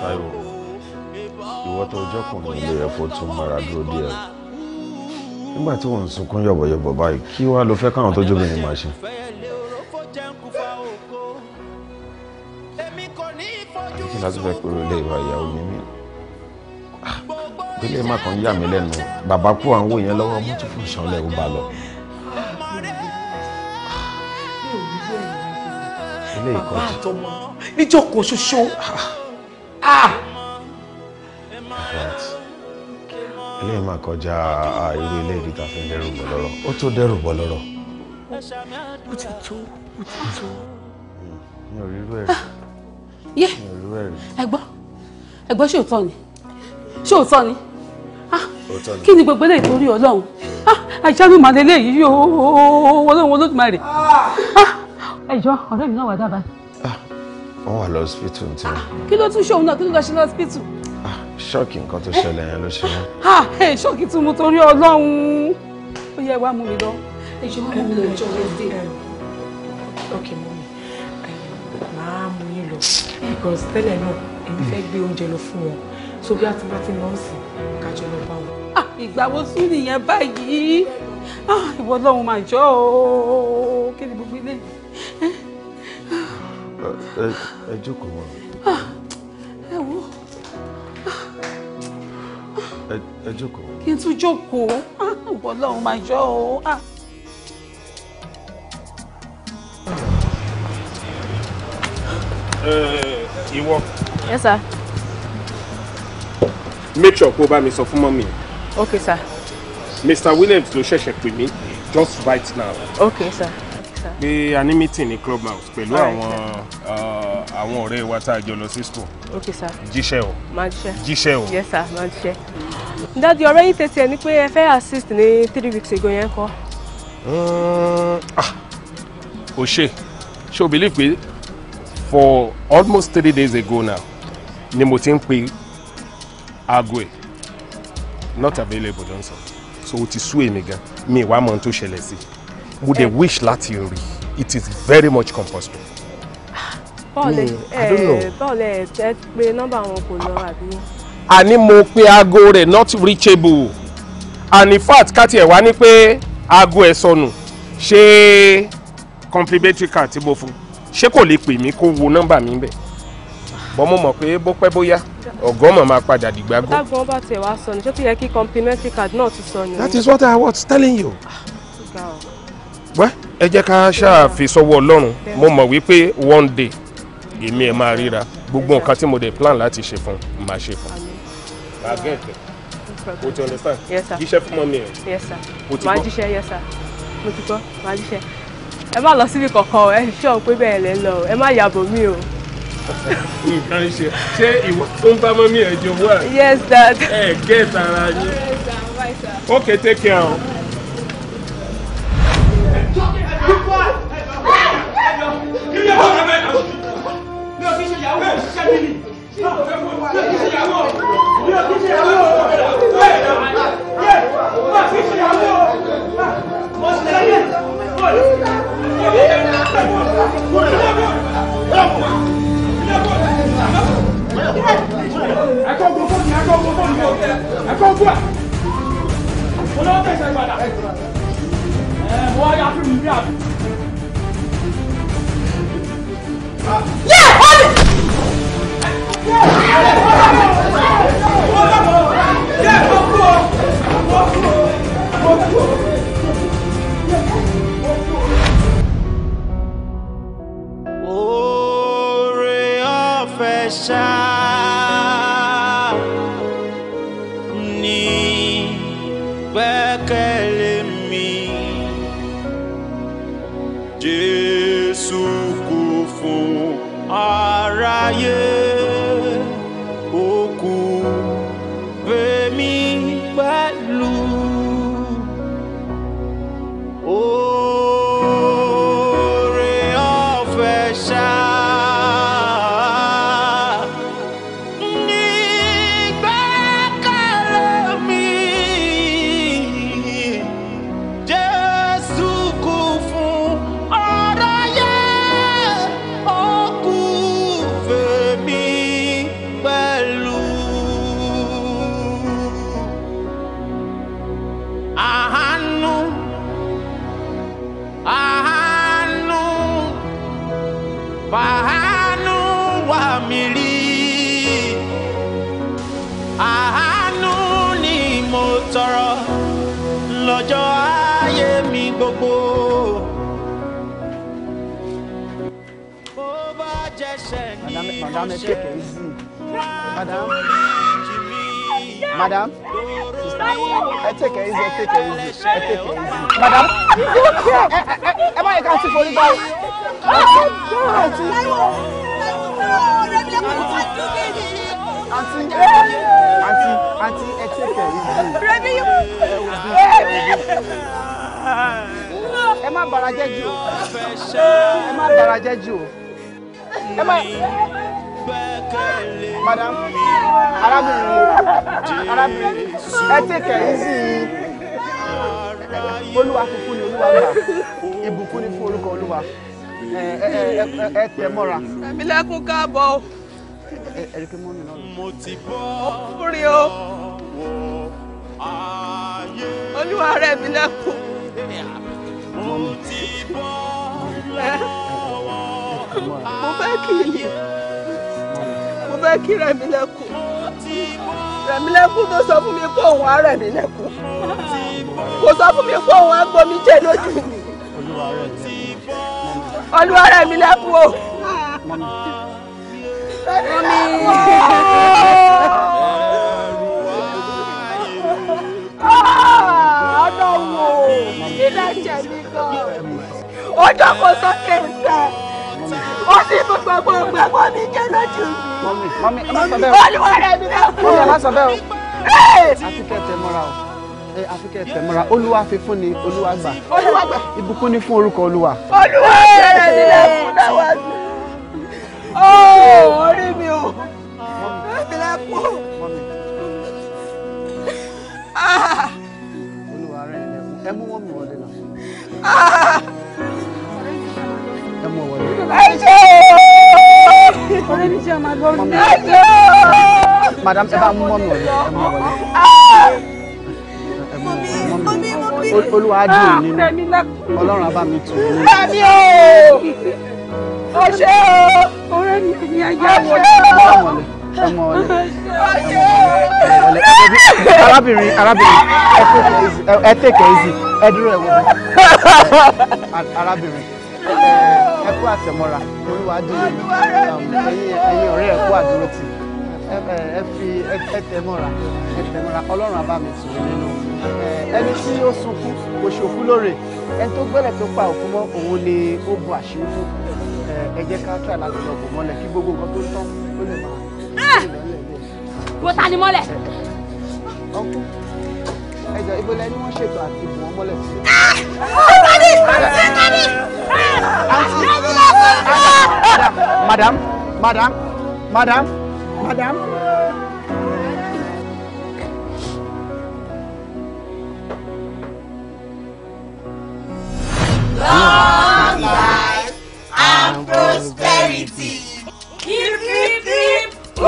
Táíwò ìwọ tó ọjọ́kùnrin ilé ẹ̀fọ́ tún mara dúró díẹ̀ nígbà tí wọ́n ń sunkún yọ̀bọ̀yọ̀bọ̀ báyìí kí wàá lo fẹ́ káwọn tó jóbìnrin máa ṣe. àbíkí láti fẹ́ ah, pé olè ìwà ìyàwó mi mí ìpínlẹ̀ má yà mí lẹ́nu bàbá kú àwọn òyìn lọ́wọ́ mú tún fún ìṣànlẹ̀ ó bá lọ. Ah, ilé ìkọ́jú. níjọ́ kan ṣoṣo ah, eléyìí máa kọjá irú ilé ibi tá a fi ń dẹ́rù bọ̀ lọ́rọ̀ ó tó dẹ́rù bọ̀ lọ́rọ̀. ó ti tó ó ti tó. mi ò rí irú ẹ̀ rí. mi ò rí irú ẹ̀ rí. ẹ̀gbọ́n ẹ̀gbọ́n ṣé òótọ́ ni ṣé òótọ́ ni kí ni gbogbo eléyìí torí ọlọ́run àìsàn màlẹ́lẹ́ yìí yóò ọlọ́run olódùmarè. ẹ̀jọ̀ ọ̀rẹ́ mi náà wà dábàá wọ́n wà lọ́sibítù tí wọ́n. Ah, kí ló tún ṣòun náà kí ló lọ ṣe lọ́sibítù. Ah, ṣọ́ọ̀kì nǹkan tó ṣẹlẹ̀ yẹn ló ṣe wọ́n. ṣọ́ọ̀kì tún mo torí ọlọ́run ó yẹ wá mú mi lọ. ẹjọ wá mú mi lọ ẹjọ wẹsẹ ok mú màá mú yín lọ because tẹ́lẹ̀ náà èmi fẹ́ gbé oúnjẹ lọ fún wọn so bí a ti bá ti lọ sí kájọ lọ bá wọn. Ah, ìgbà wo sún nìyẹn báyìí ìwọ ọlọ́run máa jọ ọ́ kí ni gbogbo eléyìí ẹ jókòó wọn. Ah, ẹ wo ẹ jókòó. kí n tún jókòó ah, ìwọ lọ́run máa yọ ọ́. Ah. Eh, ìwọ. yes sir. make sure kó o bá mi sọ fún mọ́mì. okay sir. Mr. Williams ló ṣẹ̀ṣẹ̀ pè mí just right now. okay sir pé a ní meeting ní club house pẹ̀lú àwọn uh, àwọn ọ̀rẹ́ wa tá a jọ lọ sí school. ok sir jíṣẹ́ o. máa jíṣẹ́ jíṣẹ́ o. yes sir máa jíṣẹ́. dadi ọ̀rẹ́ yín tètè ní pé ẹ fẹ́ assist ní three weeks ago yẹn kọ́. Mm, ah, o ṣe ṣe o believe pé for almost three days ago now ni mo ti ń pe aago ẹ not available don sọ so o ti sú èmi gan mi ìwà mọ̀ ohun tó ṣẹlẹ̀ sí mo dey wish láti rí it is very much compulsory. Hmm, eh, I don't know. ẹ eh, eh, tẹ pé nọ́mbà wọn kò lọ àbí. àní mo pe aago rẹ̀ not reachable and in fact káti ẹ̀ wá ní pé aago complimentary card tí mo fún ṣé kò lè pè mí kó wo nọ́mbà mi mo mọ̀ pé bó pẹ́ bóyá ọ̀gọ́mọ̀ máa padà dìgbà gbọ́. lágbọ́n bá tẹ̀ complimentary card náà ti sọnù. that is what I was telling you. Ah, wẹ́ ẹ jẹ́ ká ṣáàfi sọ́wọ́ ọlọ́run mo mọ̀ wípé one day èmi ẹ̀ máa ríra gbogbo nǹkan tí mo dẹ̀ plan láti ṣe fún un máa ṣe fún un. àgẹ́ǹtẹ̀ o ti understand jíṣẹ́ fún mọ́mí ẹ̀ o ti gbọ́. máa jíṣẹ́ yes sir mo ti gbọ́ máa jíṣẹ́ ẹ má lọ síbi kankan ẹ ṣọ́ pé bẹ́ẹ̀ lẹ́ lọ ẹ má yàbọ̀ mí o nǹkan ṣe ṣé ìwọ tó ń bá mọ́mí ẹ̀ jọ wà. yes dad. ẹ gẹ́ tara yín. ok take care. Ẹ kọ́ gbogbo ẹ kọ́ gbogbo ẹ. Olówó tẹ̀sán ìbàdàn ẹ fire fàánú wà mí rí àánú ni mo tọrọ lọ́jọ́ ayé mi gbogbo. bó bá jẹ́sẹ̀ ni mo ṣe wá madam ẹ take it easy ẹ take it easy ẹ take it easy madam ẹ má yẹ ká ti forí báyìí. Auntie, auntie, auntie, ẹ ṣe tẹ̀ yìí. Rẹ̀mí yóò. Ẹ má bara jẹ́ jù o. Ẹ má bara jẹ́ jù o. Ẹ má. Madam, arábìnrin, arábìnrin, ẹ ṣe tẹ̀ yìí sí i. Olúwa kúkú ni Olúwa gbà, ìbùkún ni fún orúkọ Olúwa ẹ tẹ mọ́ra. ẹ̀mílẹ́kùn káàbọ̀ o. ẹ̀ríkẹ́ mọ́ mi náà. mo ti bọ́ orí o. olúwa rẹ̀ mi lẹ́kùn. mo ti bọ́ lọ́wọ́ mo fẹ́ kí ni mo fẹ́ kí rẹ̀ mi lẹ́kùn. rẹ̀ mi lẹ́kùn tó sọ fún mi pé òun á rẹ̀ mi lẹ́kùn. kò sọ fún mi pé òun á gbomi jẹ́ lójú mi. olúwa rẹ̀ mi lẹ́kùn. Ah, olúwa rẹ̀ mi lẹ́kùn o. ọ̀dọ̀ wo ilẹ̀ jẹ̀ mí gan. ọjọ́ kò sọ kéńtà ó sì fún gbogbo gbogbo mi jẹ́ lójú mi. olúwa rẹ̀ mi lẹ́kùn o. àti kẹ̀tẹ̀ mọ́ra o àfikẹ́ tẹ̀mọ́ra olúwa fi fún ni olúwa gbà ìbùkún ni fún orúkọ olúwa. olúwa bẹ̀rẹ̀ nílẹ̀ fún náwà sí. ó orí mi ò bẹ́ẹ̀ lẹ́ kú. olúwa rẹ̀ ẹ mú wọn mi wọlé lọ. ẹ mú wọlé. ẹ ṣe o. ọ̀rẹ́ mi jẹ́ ọmọ agbọ́n. ẹ ṣe o. madam ẹ bá mú wọn mi wọlé olúwa á dùn nínú ọlọ́run á bá mi tù nínú. bẹ́ẹ̀ni o ọṣẹ o ọ̀rẹ́ mi ti ayé àwọn ọmọlẹ ọmọ ọlẹ arábìnrin arábìnrin ẹ tèkè ẹzì ẹ dúró ẹ arábìnrin ẹ kú àtẹmọ́ra olúwa á dùn ọ̀rẹ́ ẹ àdúró tì ẹ fi ẹ tẹ mọ́ra ẹ tẹ mọ́ra ọlọ́run àbá mi sùn nínú ẹni tí ó sunkún kò ṣòkú lóore ẹni tó gbẹ́lẹ̀ tó pa òkú mọ́ òun ni ó bu àṣírí fún ẹ láti lọ bò mọ́lẹ̀ kí gbogbo nǹkan tó tán ó lè máa. bó ah! ta ni mọ́lẹ̀. ọkú ẹjọ ibo lẹni wọn ṣètò àti ìbò wọn mọ́lẹ̀. ọ̀tọ́ni ọ̀tọ́ni ọ̀tọ́ni. madam madam madam madam. Long life and prosperity. Keep, keep, keep.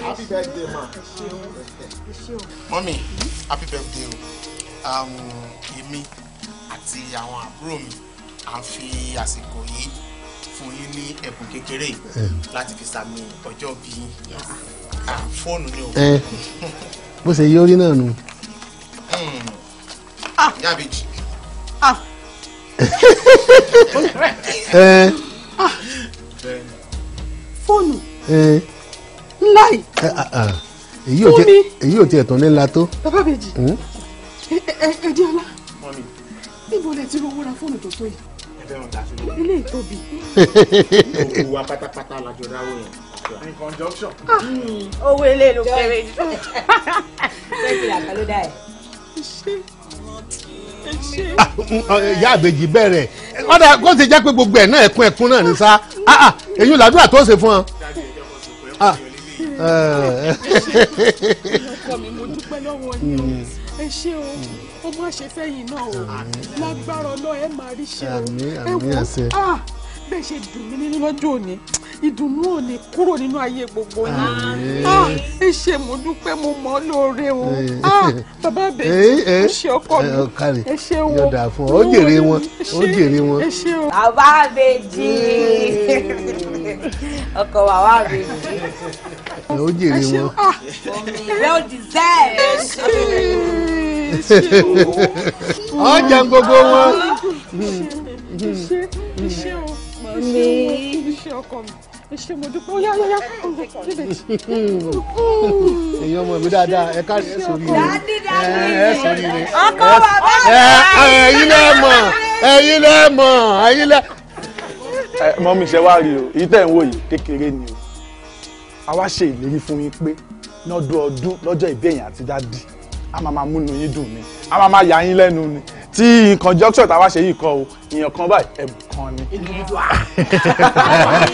Happy birthday, ma. Mommy, happy birthday o. me um, àti àwọn àbúrò mi à ń fi àsìkò yìí fún yín ní ẹ̀bùn kékeré yìí láti fi sàmì ọjọ́ bí fóònù ni o. bó ṣe yọrí náà nù. Hmm. Ah. yàbíjì. Ah. Ah. fóònù ńlá yìí fún mi. èyí ò tiẹ̀ tán ní ńlá tó. bàbá bèjì hmm? ẹ̀ẹ́dì ọlá níbo lẹ ti rówó ra fóònù tó tó yìí fẹ́ràn dá sílẹ̀. ilé ìtóbi. gbogbo wa pátápátá la jọ dáwọ́ yẹn in conjunction. Ah, owó ilé ló kéré jù. bẹ́ẹ̀ni àkàló dá ẹ̀. Ah, mm, ìyá àbèjì bẹ̀rẹ̀ ọ̀dà kó ti jẹ́ pé gbogbo ẹ̀ náà ẹ̀kún ẹ̀kún náà ní sá ah, èyí làdúrà tó ṣe fún ọ eh. mm. ẹ ṣé o kó má ṣe fẹ́yìn náà o lágbára ọlọ́ ẹ máa rí ṣe o ẹ wò ah, bẹ́ẹ̀ ṣe dùn nínú lọ́jọ́ òní ìdùnnú òní kúrò nínú ayé gbogbo yìí ah, ẹ ṣe mo dúpẹ́ mo mọ̀ ọ́ lóore o eh. ah, bàbá bẹ́ẹ̀ ẹ eh, eh. ṣe ọkọ mi ẹ ṣe wo yọ̀dà jèrè wọn ó jèrè wọn. bàbá bèjì ọkọ bàbá bèjì. ó jèrè wọn. omi ìwé òdìsẹ́ ẹ ọjà gbogbo wọn. èyí ọmọ mi dáadáa ẹ káàrí ẹ sórí rẹ ẹ sórí rẹ ẹ̀yin lẹ mọ̀ ẹ̀yin lẹ mọ̀ ẹ̀yin lẹ. mọ́mí ṣe wá rí o èyí tẹ̀ ń wò yìí kékeré ni o a wá ṣe ìlérí fún yín pé lọ́dún ọdún lọ́jọ́ ìbí ẹ̀yìn àti dádì a máa máa múnú yín dùn ni a máa máa yà yín lẹ́nu ni tí nǹkan junction tá a wá ṣe yìí kọ o èèyàn kan báyìí ẹ̀bùn kan ni.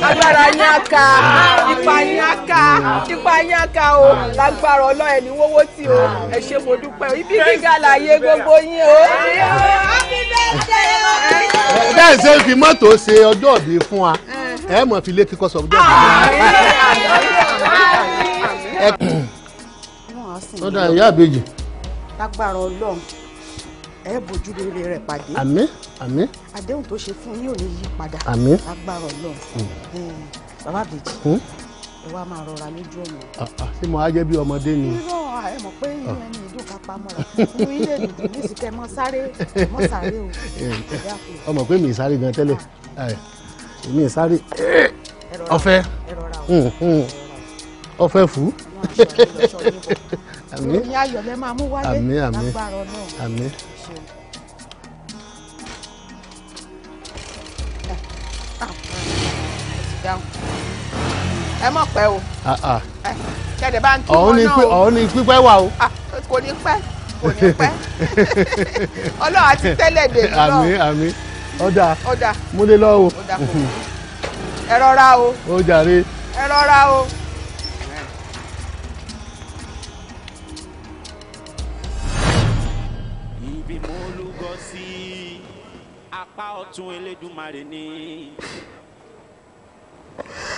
agbára yánká ipa yánká ipa yánká o lágbára ọlọ́ọ̀ ẹni wówó tí o ẹ ṣe mo dúpẹ́ o ibi gíga láàyè gbogbo yín o. bẹ́ẹ̀ ṣe fi mọ́tò ṣe ọjọ́ òbí fún wa ẹ mọ̀ fi lé kíkọ́ sọ ọjọ́ òbí. ọ̀dà ìyá àbèjì lágbára ọlọ́run ẹ bójú rere rẹ̀ pàdé. àmín àmín. àdéhùn tó ṣe fún yín ò ní yí padà. àmín. lágbára ọlọ́run hmm. bàbá bèjì hmm? ẹ wá máa rọra lójú ọ̀nà. Ah, ah, ṣé mo á jẹ́ bí ọmọdé ni. irọ́ ẹ mọ̀ pé ah. inú ẹni ìdùn ká pamọ́ra inú ilé ìdùn ní ìsìnkẹ́ mọ́ sáré mọ́ sáré o. Eh, eh, ọmọ pé mi sáré gan tẹ́lẹ̀ mi sáré ọ̀fẹ́ hmm, ọ̀fẹ́ fún ìròyìn ayọ̀ lẹ́ máa mú wálé lágbára Ọlọ́run. ẹ mọ̀ pẹ́ o ah, ah. kẹ̀dẹ̀ bá ń kí wọn náà ọ̀hún ni pípẹ́ wà o. Ah, kò ní pẹ́ kò ní pẹ́ Ọlọ́run àti tẹ́lẹ̀ dè mí lọ. àmín àmín ọ̀dà múlẹ̀ lọ́wọ́. ẹ rọra o. ó jàre. ẹ rọra o. apá ọ̀tún Elédùmarè ni.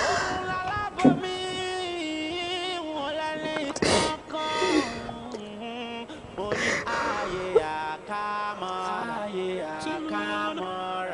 òun lalábòmí wọn lẹ́ni kankan mo ní ààyè àkàmọ́ra ààyè àkàmọ́ra.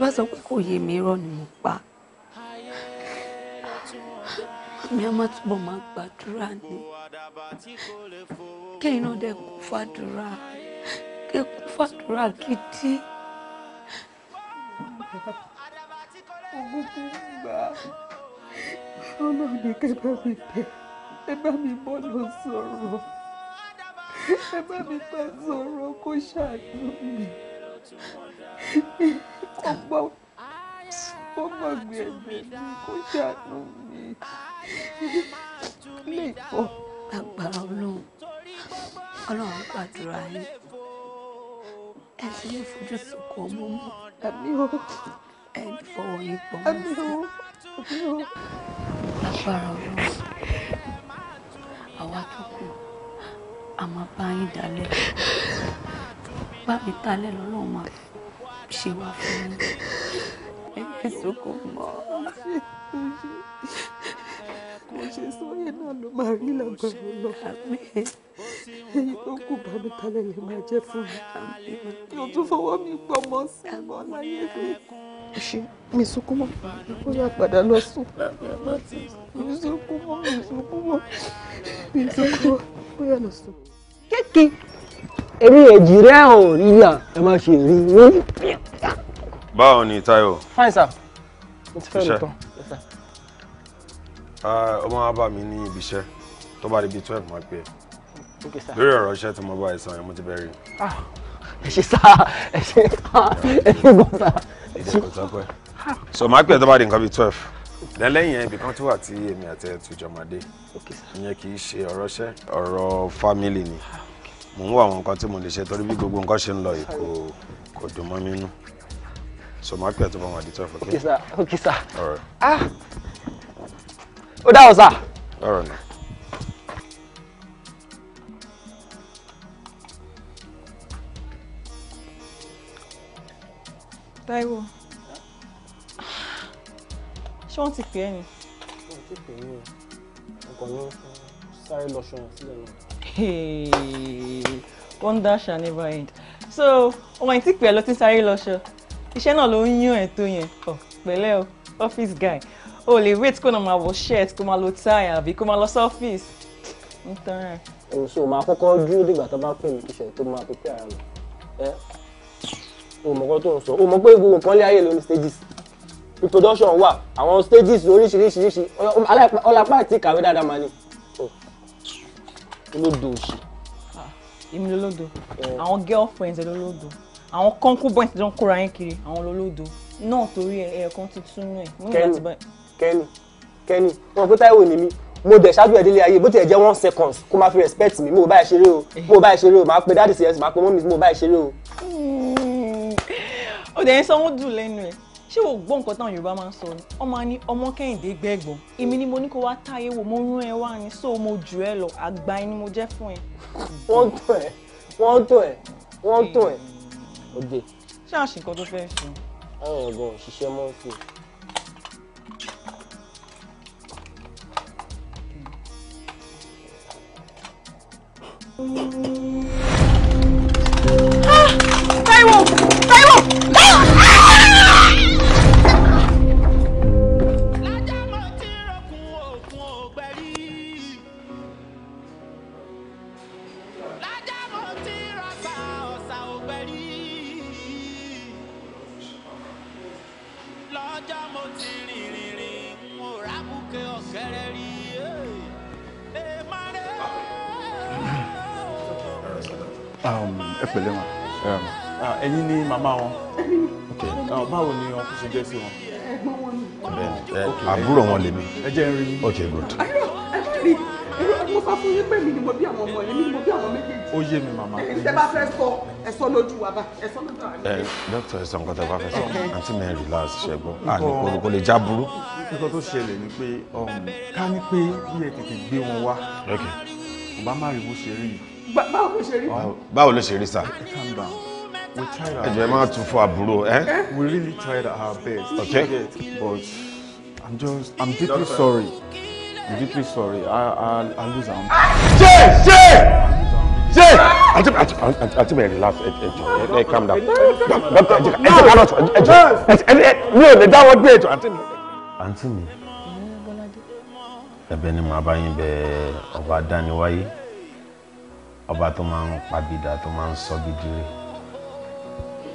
bá sọ pé kò yé mi irọ́ ni mo pa mi a máa túbọ̀ máa gbàdúrà ni kéyìn náà dẹ̀ kún fàdúrà ké kún fàdúrà gidi. ogún tó gbà ọmọ mi bá mi bẹ̀ ẹ bá mi bọ́ lọ sọ̀rọ̀ ẹ bá mi bá sọ̀rọ̀ kó ṣàánú mi ọgbọ́n ọgbọ́n gbẹ̀gbẹ̀ mi kó ṣàánú mi lè fọ́ agbára ọlọ́run ọlọ́run gbàdúrà yín ẹ sì lè fojú sunkún ọmọ mọ́ àmì o ẹ ní fọwọ́ yín pọ̀ mọ́ àmì o agbára ọlọ́run àwa tó kù a bá yín dalẹ̀ bá mi talẹ̀ lọ́lọ́run máa fi ṣe wá fún mi ẹgbẹ́ sóko mọ́ kò ṣe sóyè náà ló máa rí lágbára lọ èyí tó kù bá mi kalẹ̀ lè máa jẹ́ fún mi kí o tún fọwọ́ mi gbọ́ mọ́ sí mọ́ láyé mi èmi èjìrẹ́ ò rí là ẹ má ṣe rí ní. báwo ni tayo. fine sir mo ti fẹ́ lè tán. ọmọ wa bá mi ní ibi iṣẹ́ tó bá di bíi twelve máa pè é lórí ọ̀rọ̀ iṣẹ́ tí mo bá ẹ sàn yẹn mo ti bẹ́ ah, ẹ ṣe sá ẹ ṣe ẹ ṣe gbọ́n sá. ìdí kò tọ́pẹ́ so máa pè é tó bá di nǹkan bíi twelve lẹ́lẹ́yìn yẹn ibìkan tó wà tí èmi àti ẹ̀ tùjọ́ máa dé ìyẹn kì í ṣe ọ̀rọ̀ iṣẹ́ ọ̀rọ̀ fámìlì ni. Ah mò ń wá àwọn nǹkan tí mo lè ṣe torí bí gbogbo nǹkan ṣe ń lọ yìí kò kò dùn mọ́ mi nú so máa pè tó bá wọn àdìtọ́ fún mi. okay sir ah o dáhùn sir. ọ̀rọ̀ náà. Táíwò ṣé wọ́n ti pè é ni. wọ́n ti pè é ni nǹkan ló sáré lọ ṣọyàn sílẹ̀ náà hey wonder shall never end so ọmọ ìtì pẹ̀ ló ti sáré lọ́ṣọ iṣẹ́ náà ló ń yún ẹ̀ tó yẹn ọ̀ pẹ̀lẹ́ o office guy o lè wait kó na máa wọ shirt kó máa lo tie àbí kó máa lọ sí office ń tán rẹ̀. so màá kọ́kọ́ dúró dìgbà tó bá pè mí kí ṣẹ̀lẹ̀ tó máa pèpè ara mi ẹ o mọ̀ kan tó ń sọ o mọ̀ pé gbogbo nǹkan lé ayé lóní stages introduction wà àwọn stages oríṣiríṣiríṣi ọlápá àti ìkàwé dáadáa máa ní olódo òsì. Ah, èmi lolódo eh. àwọn girlfriends lolódo àwọn concubines ló ń kóra yín kiri àwọn lolódo náà torí ẹ̀ẹ̀kan ti túnú ẹ̀. kẹ́ni kẹ́ni kẹ́ni wọn kó táyọ̀ ní mi mo dẹ̀ ṣáájú ẹ̀ délé ayé bó tiẹ̀ jẹ́ one second kó máa fi respect mi mo bá ẹ ṣeré o eh. mo bá ẹ ṣeré o máa pe dáàdì sí ẹ máa pe mọ́mí mo bá ṣeré o. ó dẹ̀ ń sanwó dùn lẹ́nu ẹ̀ ṣé o gbọ́ nǹkan táwọn yorùbá máa ń sọ ni ọmọ ni ọmọ kẹ́hìndé gbẹ́gbọ́n èmi ni mo ní kó wá táyé wò mo rún ẹ wá ni so mo jù ẹ lọ àgbà ẹni mo jẹ́ fún ẹ. wọ́n tún ẹ̀ wọ́n tún ẹ̀ wọ́n tún ẹ̀ òde. ṣé àṣìkan tó fẹ́ ṣe. àwọn ọ̀gbọ́n òṣìṣẹ́ mọ́ sí i. Ah! Taiwo! Taiwo! Ah! màmá wọn ah, báwo ni wọn kò ṣe jẹ́ sí wọn. àbúrò wọn lèmi. ẹ jẹ́ n rí yín. ok good. mo sọ fún yín pé mi ni mo bí àwọn ọmọ yẹn mi ni mo bí àwọn méjèèjì. ó yé mi màmá. ìṣe bá fẹ́ sọ ẹ sọ lójú wa bá ẹ sọ lójú wa. ẹ dókítà ẹ sọ nǹkan tó bá fẹ́ sọ àǹtí mi relax ṣẹ́gbọ́n àní kò lè já burú. nǹkan tó ṣẹlẹ̀ ni pé um, ká ní pé bí ẹ tètè gbé wọn wá kò bá má rí bó ṣe rí. báwo ló ṣe rí. báwo ló ṣe rí sà. calm down ẹ jẹ́ máa tún fún àbúrò ẹ. Eh? we really tried our best. okay but i'm just i'm deeply sorry i'm deeply sorry i i i lose am. ṣe ṣe ṣe àti àti àti bẹ̀rẹ̀ relax ẹ ẹ jọ calm down doctor ẹ jẹ ká lọ sọ ẹ jọ ẹ ẹ mi ò lè dáwọ́ gbé ètò àǹtí mi. àǹtí mi ẹ̀bẹ̀ ni màá bá yín bẹ ọba dániwáyé ọba tó máa ń pabidà tó máa ń sọ bídìrì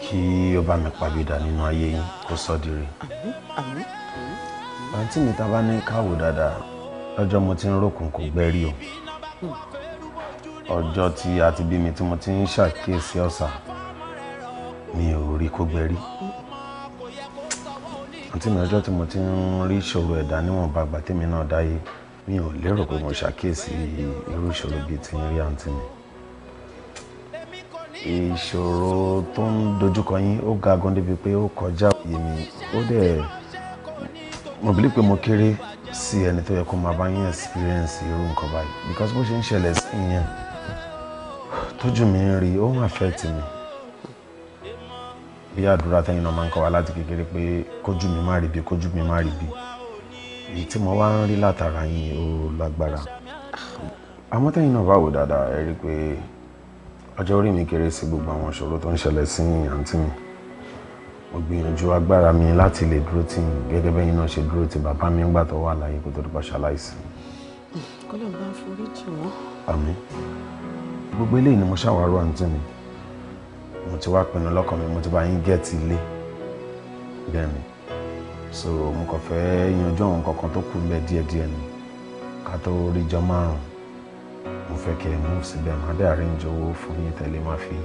kí ó bá mi pàbídà nínú ayé yín kó sọ di rè. àǹtí mi ta bá ní káwò dáadáa lọ́jọ́ mo ti ń rókun kò gbẹ́rí o ọjọ́ tí a ti bí mi tí mo ti ń ṣàkíyèsí ọ̀sà mi ò rí kó gbẹ́rí àǹtí mi ọjọ́ tí mo ti ń rí ìṣòro ẹ̀dá níwọ̀nba àgbà tèmi náà dáyé mi ò lérò pé mo ṣàkíyèsí irú ìṣòro bíi ti ń rí àǹtí mi ìṣòro tó ń dojúkọ yín ó ga gan débi pé ó kọjá òye mi ó dẹ̀ mo bìlí pé mo kéré sí ẹni tó yẹ kó máa bá yín experience irú nǹkan báyìí because bó ṣe ń ṣẹlẹ̀ sí yẹn tójú mi ń rí ó ń affect mi bí àdúrà tẹ́yìn náà máa ń kọ́ wa láti kékeré pé kójú mi má rí bí kójú mi má rí bí èyí tí mo wá ń rí látara yín ó lágbára àmọ́ tẹ́yìn náà bá wò dáadáa ẹ rí i pé ọjọ́ orí mi kéré sí gbogbo àwọn ìṣòro tó ń ṣẹlẹ̀ sí àǹtí mi mo gbìyànjú agbára mi láti lè dúró tì yín gẹ́gẹ́ bẹ́yìn náà ṣe dúró tì bàbá mi ńgbà tó wà láyé kó tó dúpọ̀ ṣaláìsí. kọ́lọ̀ bá forí jì wọ́n. àmín gbogbo eléyìí ni mo ṣàwárò àǹtí mi mo ti wá pinnu lọ́kàn mi mo ti bá yín gẹ́ẹ̀tì ilé bẹ́ẹ̀ ni so mo kàn fẹ́ yanjú àwọn kankan tó kù ń díẹ̀díẹ̀ ni ká tó ríjọ márùn-ún mo fẹ́ kẹ́ ẹ move síbẹ̀ máa dé arrange owó fún yín tẹ́lẹ̀ máa fi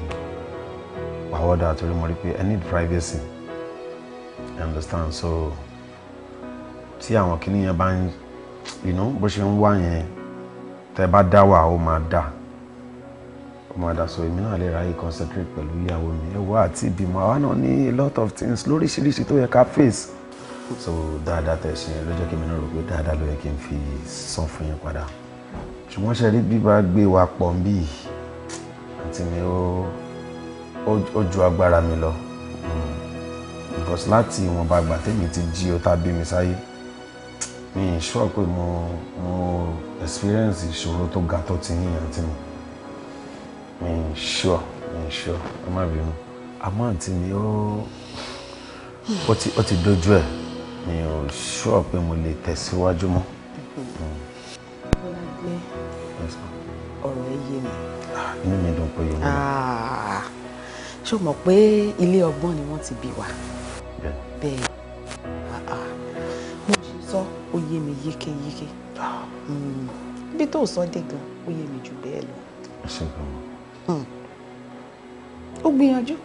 pàwọ́ dà torí mo rí pé I need privacy I understand so tí àwọn kinní yẹn bá ń you know bó ṣe ń wá yẹn tẹ́ bá dá wà ó máa dà ó máa dà so èmi náà lè ráyè concentrate pẹ̀lú ìyàwó mi ẹ wá àti ìbímọ àwa náà ní a lot of things lóríṣiríṣi tó yẹ ká face so dáadáa tẹ̀sí ló jẹ́ kí mi náà rò pé dáadáa ló yẹ kí n fi san fún yín padà ṣùgbọ́n ṣe rí bíbá gbé wa pọ̀ ń bí àti mi ó ju agbára mi lọ hmm. because láti ìwọ̀nba àgbà tèmi ti jí o tá bí mi sáyé mi ì sọ pé mo mo experience ìṣòro tó ga tó ti yín àǹtí mi mi ì sọ mi ì sọ ẹ má bínú àmọ́ àǹtí mi ó ó ti dojú ẹ̀ mi ò sọ pé mo lè tẹ̀síwájú mọ́. Mm. oyè wọn. Ah, ṣé o mọ̀ pé ilé ọgbọ́n ni wọ́n ti bí wa. bẹ́ẹ̀ ah, ah. mo ṣe sọ oyè mi yékéyéké hmm. bí tó sọ dé gan oyè mi jù bẹ́ẹ̀ lọ. ẹ ṣe gan. Hmm. ó gbìyànjú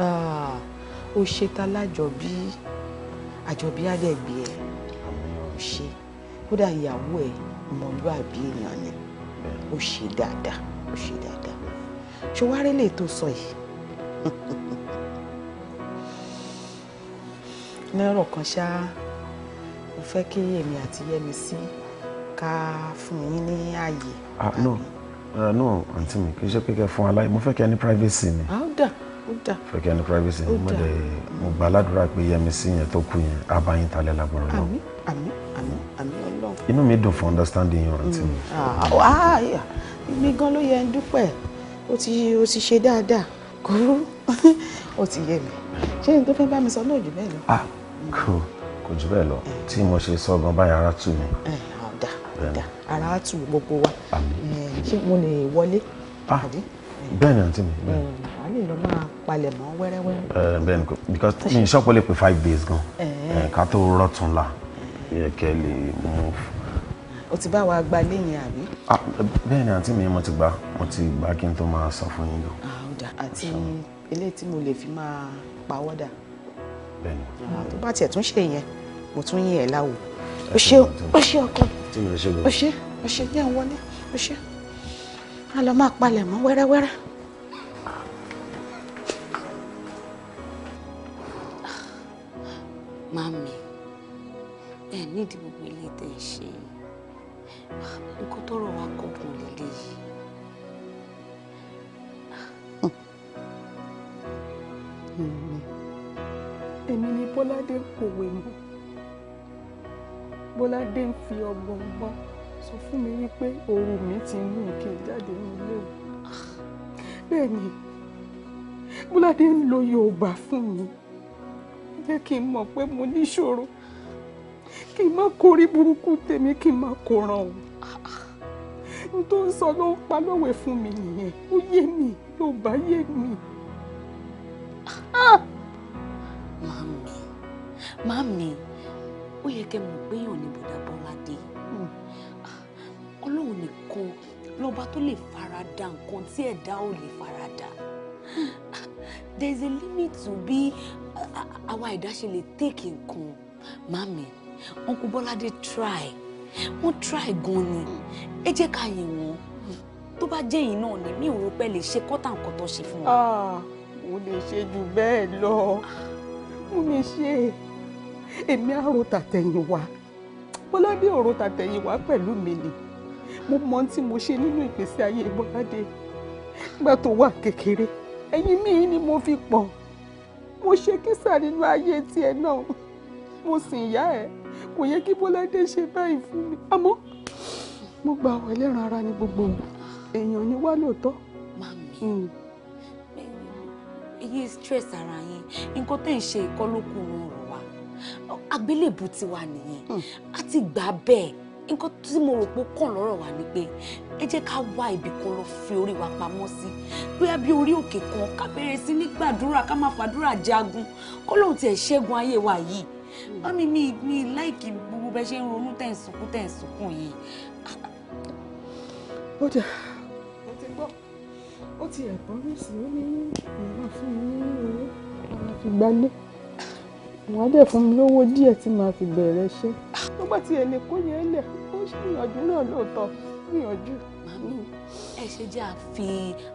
ó ṣe ta lájọbí àjọbí àdẹ̀gbẹ́ ẹ̀ ó ṣe kódà ìyàwó ẹ̀ ọmọlúwàbí èèyàn ni ó ṣe dáadáa ó ṣe dáadáa ṣé wàá rí lè tó sọ yìí lẹ́rọ̀ kan ṣá mo fẹ́ kí èmi àti yẹmi sí ká fún yín ní ààyè. Ah, no ah, no àǹtí mi kì í ṣe pé kẹ́ fún aláì mo fẹ́ kẹ́ ah, ní privacy ni. ó dà ó dà. fẹ́ kẹ́ ní privacy ni mo dẹ̀ mo gba aládùúrà pé yẹmi sí yẹn tó kù yẹn abayín talẹ̀ lábọ̀rọ̀ náà. àmín àmín àmín àmín ọlọ́run. inú mi dùn fún understanding yẹn àǹtí mi. Mm, mi gan ló yẹ ń dúpẹ́ ó ti ó ti ṣe dáadáa kò rú ó ti yé mi ṣé ní tó fẹ́ bá mi sọ náà jù bẹ́ẹ̀ lọ. ah kò kò jù bẹ́ẹ̀ lọ tí mo ṣe sọ gan báyìí ara tù mí. ọ̀dà ọ̀dà ara tù gbogbo wa ṣé mo lè wọlé. Ah, bẹ́ẹ̀ ni àǹtí mi bẹ́ẹ̀ ni. wàá lè lọ máa palẹ̀ mọ́ wẹ́rẹ́wẹ́rẹ́. bẹ́ẹ̀ ni because mi ṣọ́pọ̀ lè pè five days gan ká tó rọ̀tún la yẹ kẹ́ lè move o ti bá wa gba léyìn àbí. Ah, bẹ́ẹ̀ ni àǹtí mi mo ti gbà mo ti gbà kí n tó máa sọ fún yín lọ. àwòdà ah, àti eléyìí tí mo lè fi máa pawọ́dà. bẹ́ẹ̀ni. Ah, tó bá tiẹ̀ tún ṣe yẹn mo tún yín ẹ̀ láwò. o ṣe o ṣe ọkọ o ṣe o ṣe ní àwọn wọlé o ṣe a lọ máa palẹ̀ mọ́ wẹ́rẹ́wẹ́rẹ́. Mami, ẹ nídìí gbogbo ilé tẹ̀ ṣe yìí nǹkan tọrọ wa kọkùn lélẹ̀ yìí. èmi ni bọ́ládé ń pòwe mọ́ bọ́ládé ń fi ọgbọ́n gbọ́n sọ fún mi wípé ooru mi ti mú kí n jáde nílé o bẹ́ẹ̀ ni bọ́ládé ń lo yorùbá fún mi jẹ́ kí n mọ̀ pé mo níṣòro kí n má korí burúkú tèmi kí n má koran o n tó ń sọ ló ń pa lọ́wẹ̀ fún mi nìyẹn ó yé mi ló bá yé mi. Ah! màmí màmí ó yẹ kẹ́ mọ̀ pé ní bùdá bọ́ládé hmm. ah, ọlọ́run nìkan lọ́ba tó lè fara da nǹkan tí ẹ̀dá ò lè fara da ah, there is a limit to be our ẹ̀dá ṣe lè take nǹkan màmí uncle bọ́ládé try wọ́n try gan ni ẹ jẹ́ ká yìn wọ́n tó bá jẹ́ yìí náà ni mi ò rò pé lè ṣe kọ́tà nǹkan tó ṣe fún wa. Ah, mo lè ṣe jù bẹ́ẹ̀ lọ mo lè ṣe èmi àrò tàtẹ̀yìnwá bọ́ládé òrò tàtẹ̀yìnwá pẹ̀lú mi ni mo mọ ohun tí mo ṣe nínú ìgbésí ayé bọ́ládé nígbà tó wà kékeré ẹ̀yìn mi ni mo fi pọ̀ mo ṣe kísà nínú ayé tiẹ̀ náà mo sì ń yá ẹ̀ kò yẹ kí bọ́ládé ṣe báyìí fún mi àmọ́ mo gba àwọn ẹlẹ́ran ara gbogbo èèyàn ni wá lóòótọ́. mami hmm. èyí stress ara yín nǹkan tẹ́ ń ṣe ìkọlókù wọn rọ̀ wá àgbélébù ti wà nìyẹn hmm. a ti gbà bẹ́ẹ̀ nǹkan tí mo rò pé kàn lọ́rọ̀ wá ni pé ẹ jẹ́ ká wá ibì kan lọ fi orí wa pamọ́ sí bóyá bí orí òkè kan ká bẹ̀rẹ̀ sí ní gbàdúrà ká máa fàdúrà jagun kọ́lóhùn tiẹ̀ ṣẹ́gun ayé wa yìí mami mi mi láìkí gbogbo bẹ ṣe ń ronú tẹ̀ ń sunkún tẹ̀ ń sunkún yìí. ó jẹ ẹ ti gbọ́ ó ti ẹ̀bọ́n nísìnyí ó ní ìwà fún mi ní owó ara fi gbalé wọn á dẹ̀ fún mi lówó díẹ̀ tí màá fi bẹ̀rẹ̀ iṣẹ́. nígbà tí ẹnì kó yẹn lẹ̀ ó ṣèyànjú náà lóòótọ́ gbìyànjú. màmí ẹ ṣe jẹ́ àfi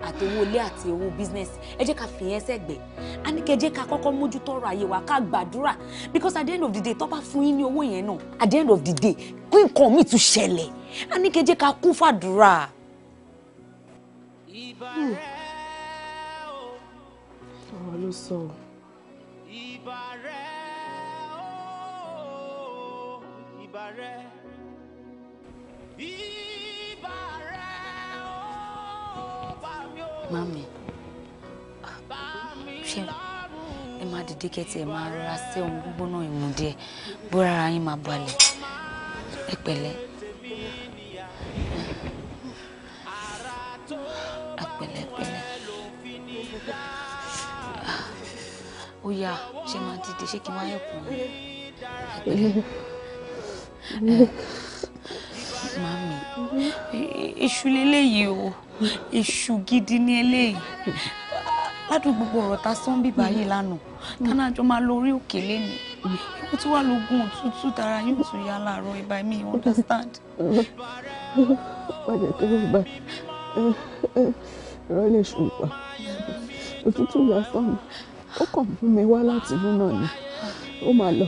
àtowó ilé àti owó business ẹ jẹ́ ká fi yẹn sẹ́gbẹ̀ẹ́ a ní kẹ́ jẹ́ ká kọ́kọ́ mójútó ọ̀rọ̀ ayé wa ká gbàdúrà because at the end of the day tó bá fún yín ní owó yẹn náà at the end of the day kí nǹkan mi tún ṣẹlẹ̀ a ní kẹ́ jẹ́ ká kún fàdúrà. Hmm. ọ̀rọ̀ ló sọ ọ́. ibà rẹ̀ ó Mami, ṣé ẹ máa dìde kẹ́tì ẹ máa rọra sẹ́ ohun gbígbóná ìmú díẹ̀ bóra ara yín máa balẹ̀ ẹ pẹ̀lẹ́. Pẹ̀lẹ́pẹ̀lẹ́. Ó yá, ṣé máa dìde ṣé kí n máa yẹ̀kùn? Ẹ pẹ̀lẹ́ mami èṣù leléyìí o èṣù gidi ni eléyìí ládùn gbogbo ọ̀rọ̀ ta sọ ń bíbá yìí lánàá tánà àjọ máa lọ orí òkè lẹ́nu ó ti wà lóògùn òtútù tara yóò tún yá láàárọ̀ ibà mi you understand. ọ̀pọ̀lọpọ̀ tó ń gbà rọ́lẹ̀ ṣùgbọ́n òtútù lọ́sàn-án ó kàn mú mi wá láti inú náà ni ó máa lọ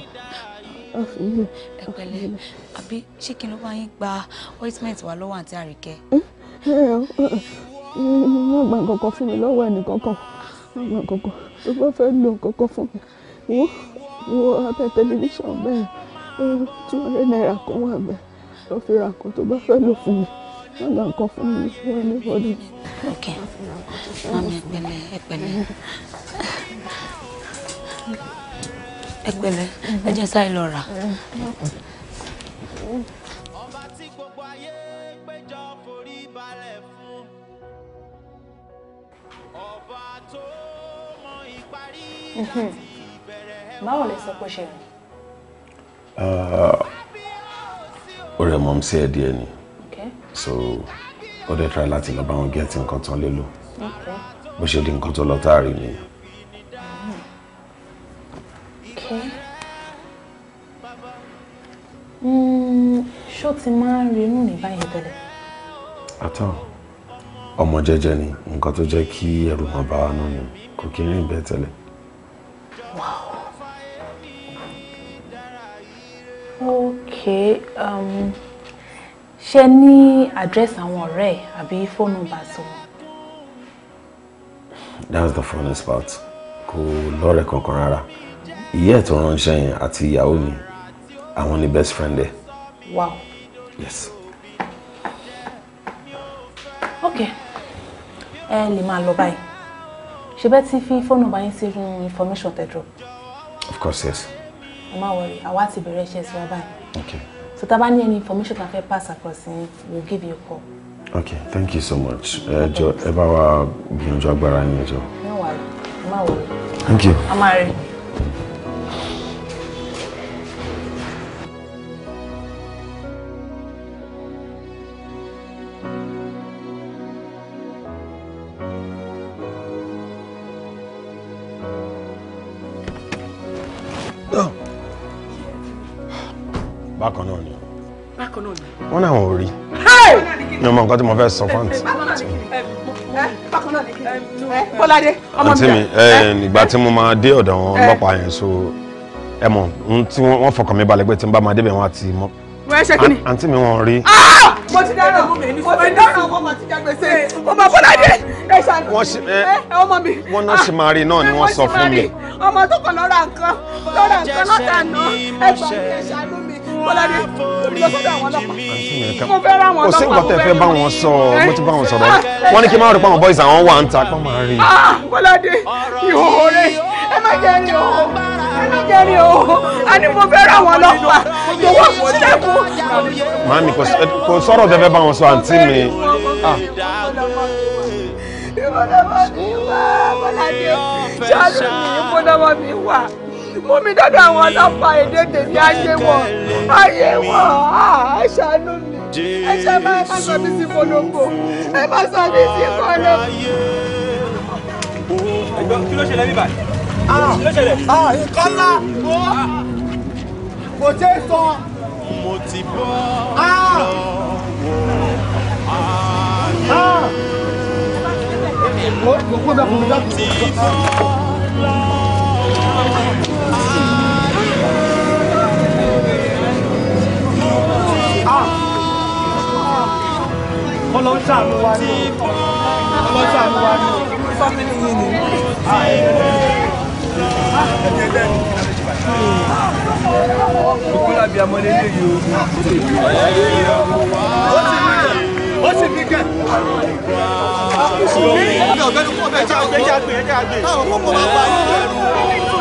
ẹ pẹ̀lẹ́ àbí ṣé kí n ló bá yín gba ointment wà lọ́wọ́ àǹtí àríkẹ́. mo gba nǹkankan fún mi lọ́wọ́ ẹnìkankan mo gba nǹkankan tó bá fẹ́ lo nǹkankan fún mi wo wo abẹ́ tẹlifíṣàn bẹ́ẹ̀ two hundred naira kan wà bẹ́ẹ̀ lọ́ fi ra nǹkan tó bá fẹ́ lò fún mi má gba nǹkan fún mi fún ẹni bọ́dún. ok mami ẹ pẹ̀lẹ́ ẹ pẹ̀lẹ́ ẹ pẹ̀lẹ́ ẹ jẹ́ sáì lọ rà. ọba tí gbogbo ayé péjọ forí balẹ̀ fún ọba tó mọ ìparí láti ìbẹ̀rẹ̀. báwo lè sọ pé ṣe rìn. ó rẹ̀ mọ́ sí ẹ̀ díẹ̀ ni so ó dẹ̀ try láti lọ bá wọn gẹ́ẹ̀tì nǹkan tán lé bó ṣe di nǹkan tó lọ nìyẹn. Okay. Hmm, ṣó ti máa ń rinú ní báyìí tẹ́lẹ̀. àtàn ọmọ jẹ́jẹ́ ni nǹkan tó jẹ́ kí ẹ̀rù máa bá wa náà ni kò kí ń rìn bẹ́ẹ̀ tẹ́lẹ̀. wow okay um, ṣe ní àdírẹ́sì àwọn ọ̀rẹ́ ẹ̀ àbí fóònù bá sọ. that's the funniest part kò lọ́rẹ̀ẹ́ kankan rárá ìyá ẹ̀ tó ránṣẹ́ yẹn àti ìyàwó mi àwọn ni best friend ẹ̀. wow. yes. ok ẹ lè máa lọ báyìí ṣe bẹ́ẹ̀ ti fi fóònù bá yín sínú information tẹ̀ drop. of course yes. ẹ má wọrí àwa ti bẹ̀rẹ̀ iṣẹ́ sí wa báyìí. ok so tá a bá ní any information tá a fẹ́ pass across yín we will give you a call. ok thank you so much ẹ jọ ẹ bá wa gbìyànjú agbára yín ẹ jọ. ẹ má wọrí thank you. a fẹ́ sọ fún àǹtí. Bọ́ládé ọmọ mi ìgbà tí mo máa dé ọ̀dọ̀ wọn ọlọ́pàá yẹn so ẹ mọ̀ tí wọ́n fọkàn mi balẹ̀ pé tí n bá máa débẹ̀ wọn àti mọ́. àǹtí mi wọ́n rí. Ah! mo ti dáná mo ti dáná ọmọ mà ti jágbèsè ọmọ Bọ́ládé ẹ ṣàlùfẹ́ ọmọ mi. wọ́n náà ah! ṣe máa rí náà ni wọ́n sọ fún mi. ọmọ tó kàn lọ́ra nǹkan lọ́ra nǹkan lọ́ta náà ẹ gbà mí ẹ ṣàlùfẹ́ bọ́láde lọ́sọ̀dọ̀ àwọn ọlọ́pàá mo fẹ́ ra àwọn ọlọ́pàá mo fẹ́ rí wọn. kò sí nǹkan tẹ́ fẹ́ bá sọ mo ti bá wọn sọ̀rọ̀ ah, wọ́n ní kí n máa rí pé àwọn boys àwọn wà ń ta pọ́n máa rí. Ah, bọ́láde ìhòòhò rẹ ẹ má jẹ́ rí o ẹ má jẹ́ rí o a ní mo fẹ́ ra àwọn ọlọ́pàá mo wà fún sẹ́kù. màámi kò sọ̀rọ̀ tẹ́ fẹ́ bá wọn sọ àǹtí mi. Ah. ìbọ̀dọ̀ bọ̀ mi wá bọ́láde ṣáà ló ní mi wá mú mi dọ́dọ̀ àwọn ọlọ́pàá èdè tèmi ayé wọn ayé wọn ẹ ṣàánú mi ẹ ṣe má sọ mí sí polongo ẹ má sọ mí sí polongo. ẹ̀gbọ́n kí ló ṣẹlẹ̀ níbà ah, kí ló ṣẹlẹ̀. nǹkan ah, kò ṣe é sọ. mo ti bọ́ ah. lọ́wọ́ ayé. mo ti bọ́. ọlọ́ ṣàánú wa ni ọlọ́ ṣàánú wa ni fámìlì yìí ni. Òkúlàbí amọ́lé lè yí o. Ó sì fi kẹ́. Ọ̀gbẹ́ni kò bẹ̀ jáde. Táwọn kókó máa ń bá yín lẹ́rù.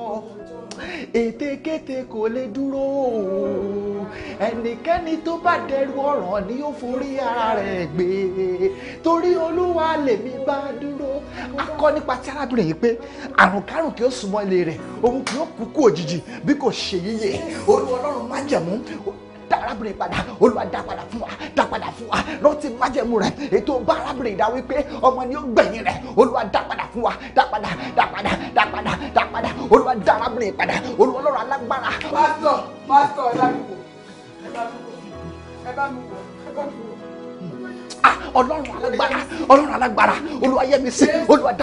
ètekéte kò lè dúró ẹnikẹ́ni tó bá dẹrù ọ̀ràn ni ó forí ara rẹ̀ gbé torí olúwa lèmi bá dúró akọ nípa tí arábìnrin yìí pé àrùnkárùn kí ó súnmọ́ ilé rẹ̀ òun kì í kú òjijì bí kò ṣe yíyẹ olú ọlọ́run má jẹ̀mú dá arábìnrin padà olúwa dá padà fún wa dá padà fún wa rántí májẹ̀mú rẹ̀ ètò bá arábìnrin dá wípé ọmọ ni ó gbẹ̀yìn rẹ̀ olúwa dá padà fún wa dá padà dá padà dá padà dá padà olúwa dá arábìnrin padà olúwa ọlọ́run alágbára. pásítọ̀ pásítọ̀ ẹ bá mi wò ẹ bá mi wò ẹ bá mi wò ẹ bá mi wò ah, ọlọ́run alágbára ọlọ́run alágbára olúwa yẹ mi sí ṣá olúwa ṣá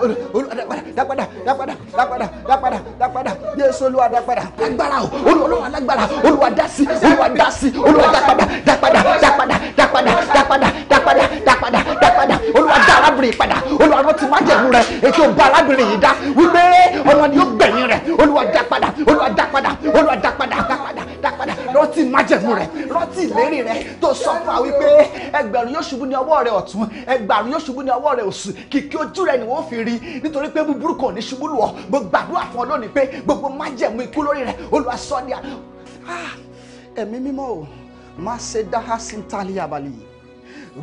dápadà dápadà dápadà dápadà dápadà jésù olúwa dápadà agbára o olúwa alágbára olúwa dásí olúwa dásí olúwa dápadà dápadà dápadà dápadà dápadà dápadà dápadà dápadà olúwa dá arábìnrin padà olúwa rántí májẹ̀mú rẹ ètò ọba arábìnrin yìí dá wípé ọ̀nà ni ó gbẹ̀yìn rẹ olúwa dápadà olúwa dápadà olúwa dápadà dápadà dápadà rántí májẹ̀mú rẹ rántí ìlérí rẹ tó sọ fún wa wípé ẹgbẹ̀rún yóò ṣubú ní ọwọ́ rẹ ọ̀tún ẹgbàrún yóò ṣubú ní ọwọ́ rẹ òsì kìkì ojú rẹ ni wọ́n fi rí nítorí pé búburú kò ní ṣubú lù ọ́ gbogbo àdúrà fún ọ lónìí pé gbogbo májẹ̀mú ikú lórí rẹ Olúwa sọ ní ẹ̀mí mímọ́ o má ṣe dáhà sí ntàlíyàbálì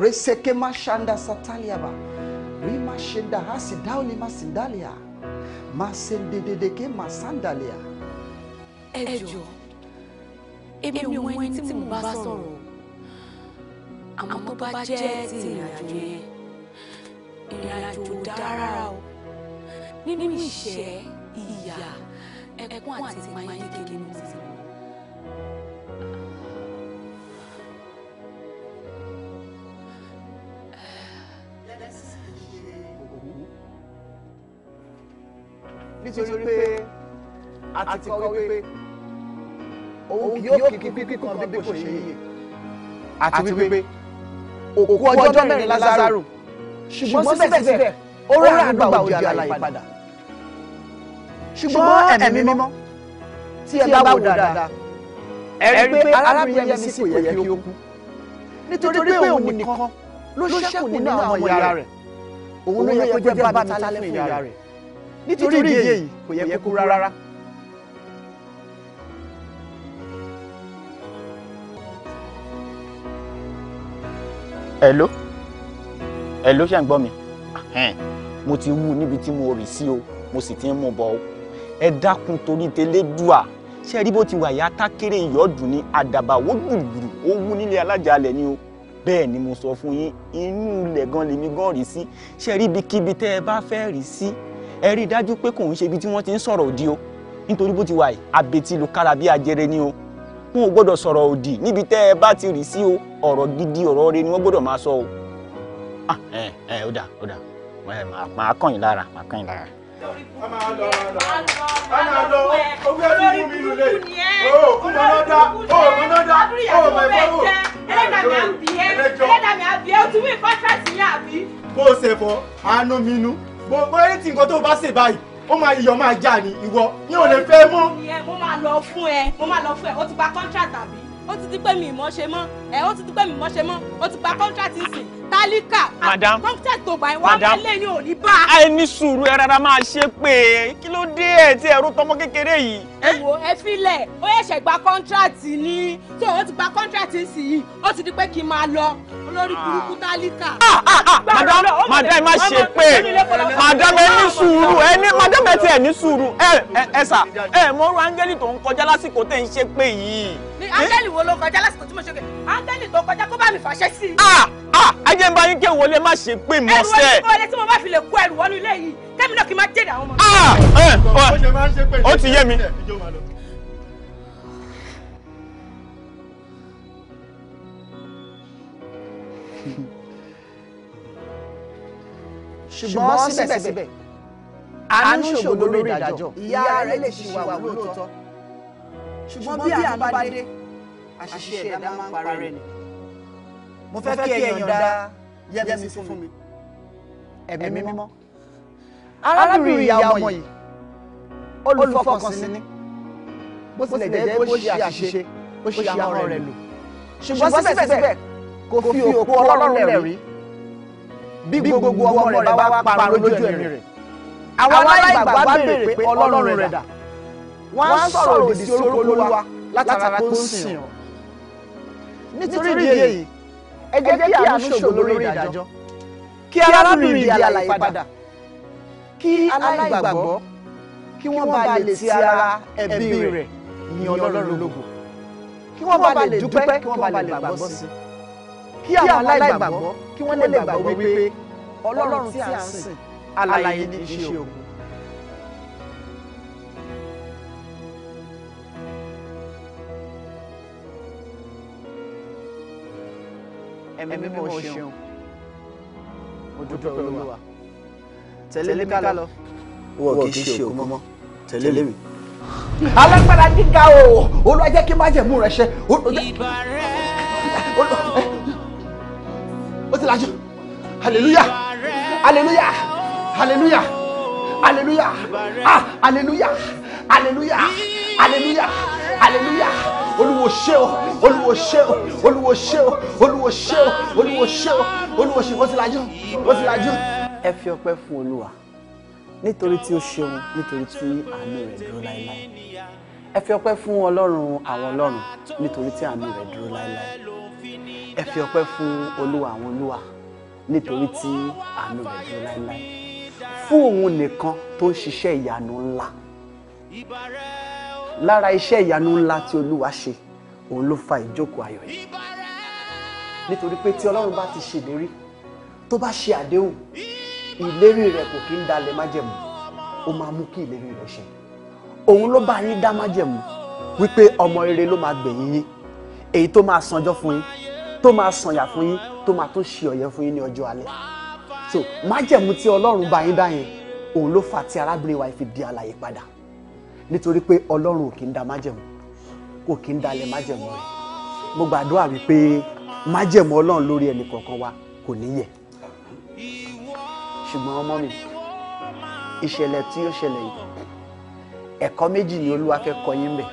reseke má ṣàǹdà má ṣe ẹ jọ̀ọ́ èmi ò mọ ẹni tí mo bá sọ̀rọ̀ àmọ́ tó bá jẹ́ ti ìrìnàjò yẹn ìrìnàjò dára o nínú ìṣẹ́ ìyà ẹkún àti mayégége ni mo ti mọ̀. nítorí pé a ti kọ́ wípé òun kì yóò kí kíkan bí kò ṣe yìí àti wípé òkú ọjọ́ mẹ́rin Lázárù ṣùgbọ́n síbẹ̀síbẹ̀ ó rà àgbà òjì alààyè padà ṣùgbọ́n ẹ̀mí mímọ́ tí ẹ bá wò dáadáa ẹ rí pé arábìnrin yẹn sì kò yẹ kí ó kú nítorí pé òun nìkan ló ṣẹ́kù nínú àwọn ìyá rẹ̀ òun ló yẹ kó jẹ́ bá bá tálẹ́ fún ìyá rẹ̀ nítorí ìdí èyí kò yẹ kó rárá. hello hello ṣe ń gbọ́ mi mo ti wú níbi tí mo rì sí o mo sì ti ń mú bọ̀ o ẹ dákun torí tẹlẹ́dùà ṣe rí bó ti wà yá tákéré ìyọ́dún ní àdàbà ó gbùgbùrù ó wú nílé alájàalẹ̀ ni o bẹ́ẹ̀ ni mo sọ fún yín inú ilẹ̀ gan lèmi gan rí sí ṣe rí ibikíbi tẹ́ ẹ bá fẹ́ rí sí ẹ rí i dájú pé kò ń ṣe ibi tí wọ́n ti ń sọ̀rọ̀ òdì o nítorí bó ti wà yìí àbètì lùkárà bí ajẹrẹ ni o wọn ò gbọ́dọ̀ sọ̀rọ̀ òdì níbi tẹ́ ẹ bá ti rí sí o ọ̀rọ̀ gidi ọ̀rọ̀ rẹ ni wọ́n gbọ́dọ̀ máa sọ o ah, ẹ ẹ ó dà ó dà màá kàn yín lára màá kàn yín lára. a máa lọ a máa lọ o fẹ́ fi mú mi lulẹ̀ o kò mọ lọ́dà o mọ lọ́dà o mọ ìfọwọ́ ẹlẹ́dàá mi àbí ẹ ẹlẹ́dàá mi àbí ẹ o tún mú ìkọ́ńtàtì yẹn àbí. bó o ṣe fọ àánú mi nú bó o yẹ ti nǹkan tó o bá ṣe báyìí ó máa yíyọ máa já ni ìwọ ni ò lè fẹ́ mọ́. mo máa lọ fún ẹ mo máa lọ fún ẹ o ti gba contract àbí ó ti di pé mi ìmọ̀ ṣe mọ́ ẹ̀ ó ti di pé mi ìmọ̀ ṣe mọ́ ó ti pa contract nsìn tálíkà àti tó gbà wá wálé ní òní bá. ẹ sùúrù ẹ rárá máa ṣe pé kí ló dé ẹ tí ẹrú tọmọ kékeré yìí. ẹ wo ẹ filẹ̀ ó yẹ̀ṣẹ̀ gba contract ni tó ó ti gba contract nsìn yìí ó ti di pé kí n máa lọ olórí burúkú tálíkà. madam madam má ṣe pé madam ẹ ní sùúrù ẹ ní madam ẹ ti ẹ ní sùúrù ẹ ẹ sà ẹ mọ́rú áńgẹ́lì tó ń kọjá lásìkò tẹ̀ ń ṣe pé yìí ni áńgẹ́lì wo ló kọjá lásìkò tí mo ṣe kẹ áńgẹ́lì tó kọjá kó bá mi fàṣẹ sí i. ajé ah, ah, ń bá yín kéwòn lè má ṣe pé mọ sẹ. ẹrù wọlé tí mo bá fi lè kó ẹrù wọnú ilé yìí kẹ́mi náà kì í má jèrè àwọn ọmọ mi. Ah, ó ti yé mi. ṣùgbọ́n síbẹ̀síbẹ̀ àánú ṣògo lórí ìdájọ́ ìyá rẹ̀ lè ṣì wà wúlò tọ́ ṣùgbọ́n bí àánú bá dé àṣìṣe ẹ̀dá máa ń parẹ́ ni mo fẹ́ kí ẹ̀yàn dá yẹ́bí fún mi ẹ̀mí mímọ́ arábìnrin ìyá ọmọ yìí olùfọkànsìn ni bó tilẹ̀ jẹ́ bó ṣe àṣìṣe ó ṣe àwọn rẹ̀ lò ṣùgbọ́n síbẹ̀síbẹ̀ kò fi òkú ọlọ́run rẹ̀ rí bí gbogbo ọmọ rẹ̀ bá wá parun lójú ẹ̀mí rẹ̀ àwa aláìgbàgbà béèrè pé ọlọ́run rẹ̀ dà wọ́n á sọ̀rọ̀ òdì sí orúkọ olúwa látara tó ń sìn ọ́. nítorí ìdí èyí ẹ jẹ́ kí àánú ṣògo lórí ìdájọ́ kí arábìnrin ìdí alàyè padà kí aláìgbàgbọ́ kí wọ́n bá lè ti ara ẹbí rẹ̀ yin ọlọ́run lógo kí wọ́n bá lè dúpẹ́ kí wọ́n bá lè gbàgbọ́ sí kí àwọn aláìgbàgbọ́ kí wọ́n lè gbàgbọ́ wípé ọlọ́run tí à ń sìn alàyè ní í òkú. ẹ̀mí mímọ́ o ṣeun mo dúpẹ́ olúwa tẹ̀lé mi ká lọ kì í ṣe òkú mọ́ tẹ̀lé mi. alágbára gíga o olúwa jẹ́ kí májẹ̀mú rẹ ṣẹ. ó ti lajú hallelujah hallelujah hallelujah hallelujah ah hallelujah hallelujah hallelujah hallelujah olúwo ṣe o olúwo ṣe o olúwo ṣe o olúwo ṣe o olúwo ṣe o olúwo ṣe wọ́n ti lajú wọ́n ti lajú. ẹ fi ọpẹ́ fún olúwa nítorí tí ó ṣeun nítorí tí àánú rẹ̀ dúró láéláé ẹ fi ọpẹ́ fún ọlọ́run àwọn ọlọ́run nítorí tí àánú rẹ̀ dúró láéláé ẹ fi ọpẹ́ fún olúwa àwọn olúwa nítorí tí àánú rẹ̀ dúró láéláé fún òun nìkan tó ń ṣiṣẹ́ ìyanu ńlá lára iṣẹ́ ìyanu ńlá tí olúwa ṣe òun ló fa ìjókòó ayọ̀ yìí nítorí pé tí ọlọ́run bá ti ṣèlérí tó bá ṣe àdéhùn ìlérí rẹ̀ kò kí ń dalẹ̀ májẹ̀mú ó máa mú kí ìlérí rẹ̀ ṣe òun ló bá yín dá májẹ̀mú wípé ọmọ rere ló máa gbẹ̀yìn yín èyí tó máa sanjọ́ fún yín tó máa sànyà fún yín tó máa tún ṣe ọ̀yẹ́ fún yín ní ọjọ́ alẹ́ so májẹ̀mú tí ọlọ́run bá yín dá yẹn òun ló fà tí arábìnrin wa fi di alààyè padà nítorí pé ọlọ́run ò kí ń da májẹ̀mú kò kí ń dalẹ̀ májẹ̀mú rẹ̀ mo gbàdúrà wípé májẹ̀mú ọlọ́run lórí ẹnì kọ̀ọ̀kan wa kò níyẹ̀ ṣùgbọ́n ọmọ mi ìṣẹ̀lẹ̀ tí ó ṣẹlẹ̀ yìí ẹ̀kọ́ méjì ni olúwa fẹ́ kọ́ yín bẹ̀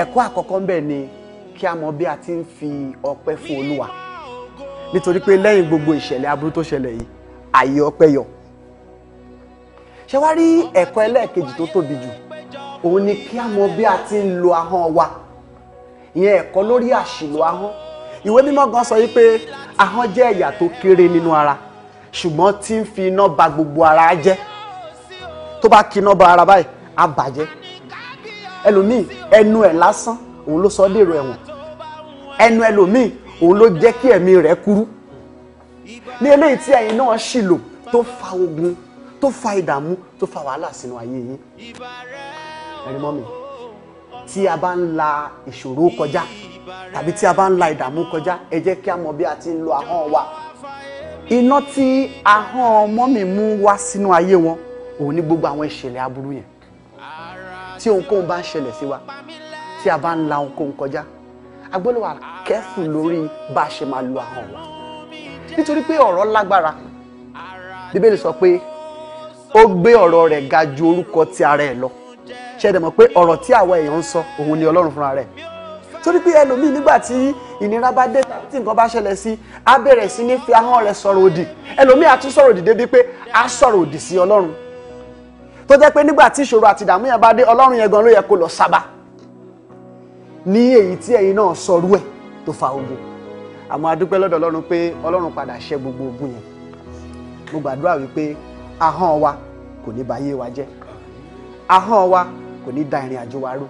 ẹ̀kọ́ àkọ́kọ́ bẹ̀ ni kí a mọ bí a ti ń fi ọpẹ́ fún olúwa nítorí pé lẹ́yìn gbogbo ìṣẹ̀lẹ̀ aburú tó ṣẹlẹ̀ yìí àyè ọpẹ́ yọ ṣé wá rí ẹ̀kọ́ ẹlẹ́ẹ̀kejì tó tóbi jù òun ni kí a mọ bí a ti ń lo ahọ́n wa ìyẹn ẹ̀kọ́ lórí àṣìlò ahọ́n ìwé mímọ́ gan sọ yìí pé ahọ́n jẹ́ ẹ̀yà tó kéré nínú ara ṣùgbọ́n tí ń fi iná ba gbogbo ara jẹ́ tó bá kí iná ba ara báyìí á bàjẹ́ ẹlòmíì ẹnu ẹ̀ lásán òun ló sọ dèrò ẹ̀wọ̀n ẹnu ẹlòmíì òun ló jẹ́ kí ẹ̀mí rẹ̀ kúrú ní eléyìí tí ẹ̀yin náà ṣìlò tó fa ogun tó fa ìdààmú tó fa wàhálà sínú ayé yín ẹ̀rí mọ́ mi tí a bá ń la ìṣòro kọjá tàbí tí a bá ń la ìdààmú kọjá ẹ jẹ́ kí a mọ̀ bí a ti ń lo ahọ́n wa iná tí ahọ́n ọmọ mi mú wá sínú ayé wọn òun ní gbogbo àwọn ìṣẹ̀lẹ̀ aburú yẹn tí ohunkóhun bá ń ṣẹlẹ̀ sí wa tí a bá ń la ohunkóhun kọjá a gbọ́dọ̀ wà kẹ́fù lórí bá a ṣe máa lo ahọ́n wa nítorí pé ọ̀rọ̀ lágbára bíbélì sọ pé ó gbé ọ̀rọ̀ rẹ̀ ga ju orúkọ ti ara ẹ̀ lọ ṣe dẹ̀ mọ̀ pé ọ̀rọ̀ tí àwa èèyàn ń sọ òun ni ọlọ́run fúnra rẹ̀ torí pé ẹlòmíì nígbà tí ìnira bá dé tàbí tí nǹkan bá ṣẹlẹ̀ sí á bẹ̀rẹ̀ sí ní fi ahọ́n rẹ̀ sọ̀rọ̀ òdì ẹlòmíì á tún sọ̀rọ̀ òdì débi pé á sọ̀rọ̀ òdì sí ọlọ́run tó jẹ́ pé nígbà tí ìṣòro àti ìdààmú yẹn bá dé ọlọ́run yẹn gan ló yẹ kó lọ sábà ní èyí tí ẹ̀yin náà sọrú ẹ̀ tó fa ogun àmọ́ a lọ́dọ̀ ọlọ́run pé ọlọ́run padà ṣẹ́ gbogbo ogun yẹn mo gbàdúrà wípé ahọ́n wa kò ní bà ayé wa jẹ́ ahọ́n wa kò ní da ìrìn àjò wa rú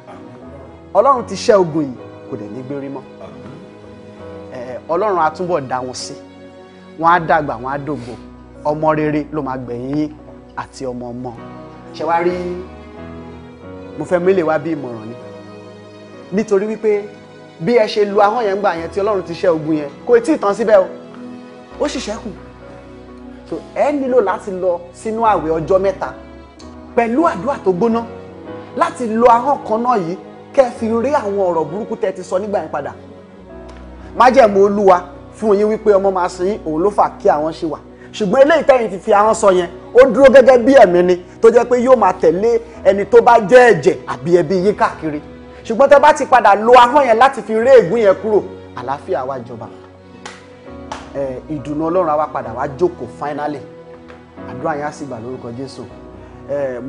ọlọ́run ti ṣẹ́ ogun yìí kò dẹ̀ ní gbérí mọ́ ọlọ́run á túbọ̀ dá wọn sí wọn á dàgbà wọn á dògbò ọmọ rere ló máa gbẹ̀yìn yín àti ọmọ ọmọ ṣe wá rí mo fẹ́ mílẹ̀ wá bí ìmọ̀ràn ni nítorí wípé bí ẹ ṣe lu ahọ́n yẹn gbà yẹn tí ọlọ́run ti ṣẹ́ ogun yẹn kò tí ì tán síbẹ̀ o ó sì ṣẹ́kù so ẹ nílò láti lọ sínú àwẹ̀ ọjọ́ mẹ́ta pẹ̀lú àdúrà tó gbóná láti lo ahọ́n kan náà yìí kẹ́ ẹ fi rí àwọn ọ̀rọ̀ burúkú tẹ́ ti sọ nígbà yẹn padà májẹ̀mú olúwa fún yín wípé ọmọ máa sin òun ló fà kí àwọn ṣe wà ṣùgbọ́n eléyìí tẹ́yìn ti fi ahọ́n sọ yẹn ó dúró gẹ́gẹ́ bí ẹ̀mí ni tó jẹ́ pé yóò máa tẹ̀lé ẹni tó bá jẹ́ ẹ̀jẹ̀ àbí ẹbí yín káàkiri ṣùgbọ́n tẹ́ bá ti padà lo ahọ́n yẹn láti fi ré ègún yẹn kúrò àlàáfíà wá jọba ìdùnnú ọlọ́run á wá padà wá jókòó finally àdúrà yẹn á sì gbà lórúkọ jésù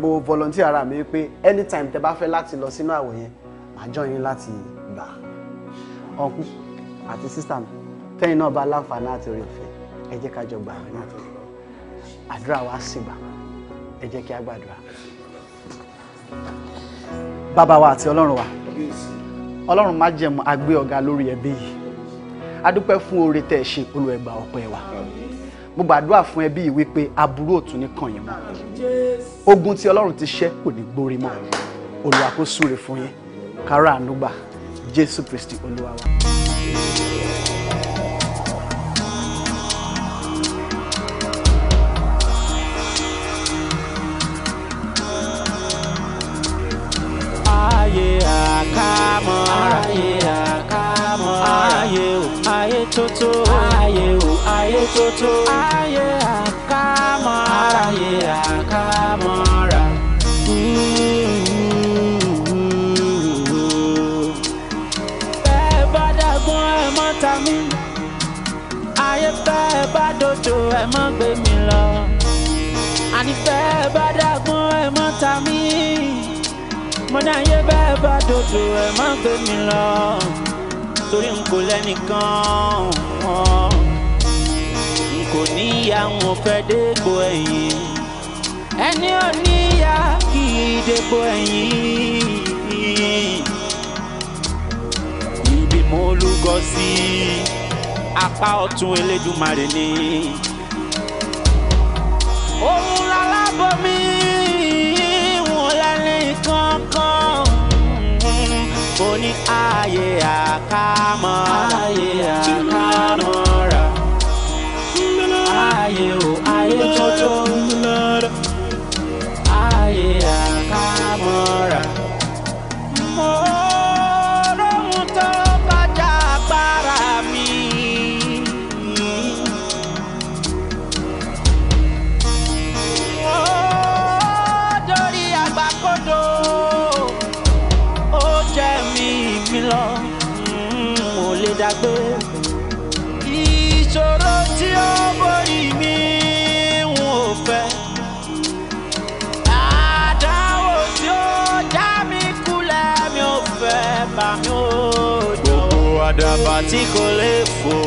mo volunteer ara mi pé anytime tẹ bá fẹ́ láti lọ sínú àwẹ̀ yẹn màá jọ yín láti gbà ọkú àti sísà mi tẹ́yìn náà bá láǹfààní àti orí ọ̀fẹ́ ẹ jẹ́ ká jọ gbà wọ́n náà àdúrà wa sì gbà ẹ jẹ́ kí a gbàdúrà. bàbá wa àti ọlọ́run wa ọlọ́run má jẹ̀mú agbé ọ̀gá lórí ẹbí yìí adúpẹ́ fún oore tẹ̀ ṣe olùẹ̀gbà ọpẹ́ wa mo gbàdúrà fún ẹbí yìí wípé aburú òtún ní kàn yín mọ́ ogun tí ọlọ́run ti ṣẹ́ kò ní gbórí mọ́ olùwàkóso rẹ̀ fún yín kárà ànúgbà jésù kristi olúwa wa. ayé àkàmọ́ra. ayé àkàmọ́ra mọ́ ayé o ayé tótó ayé o ayé tótó ayé àkámọ́ ayé àkámọ́ ra. ẹ bá dàgbọ́n ẹ mọ́ ta mí ayé fẹ́ ẹ bá dojo ẹ mọ́ gbé mi lọ ànífẹ́ ẹ bá dàgbọ́n ẹ mọ́ ta mí mo ní ayé bẹ́ẹ̀ bá dodo ẹ̀ má gbé mi lọ torí n kò lẹ́nìkan wọn n kò níyà n ò fẹ́ dépò ẹ̀yìn ẹni ò níyà kì í dépò ẹ̀yìn ibi mo lúgọ sí apá ọ̀tún Elédùmarè ni òun lálábọ̀ mi. ó ní ààyè àkámọ́ àkámọ́ ra ààyè ò ààyè tó tó. bàbá tí kò lè fò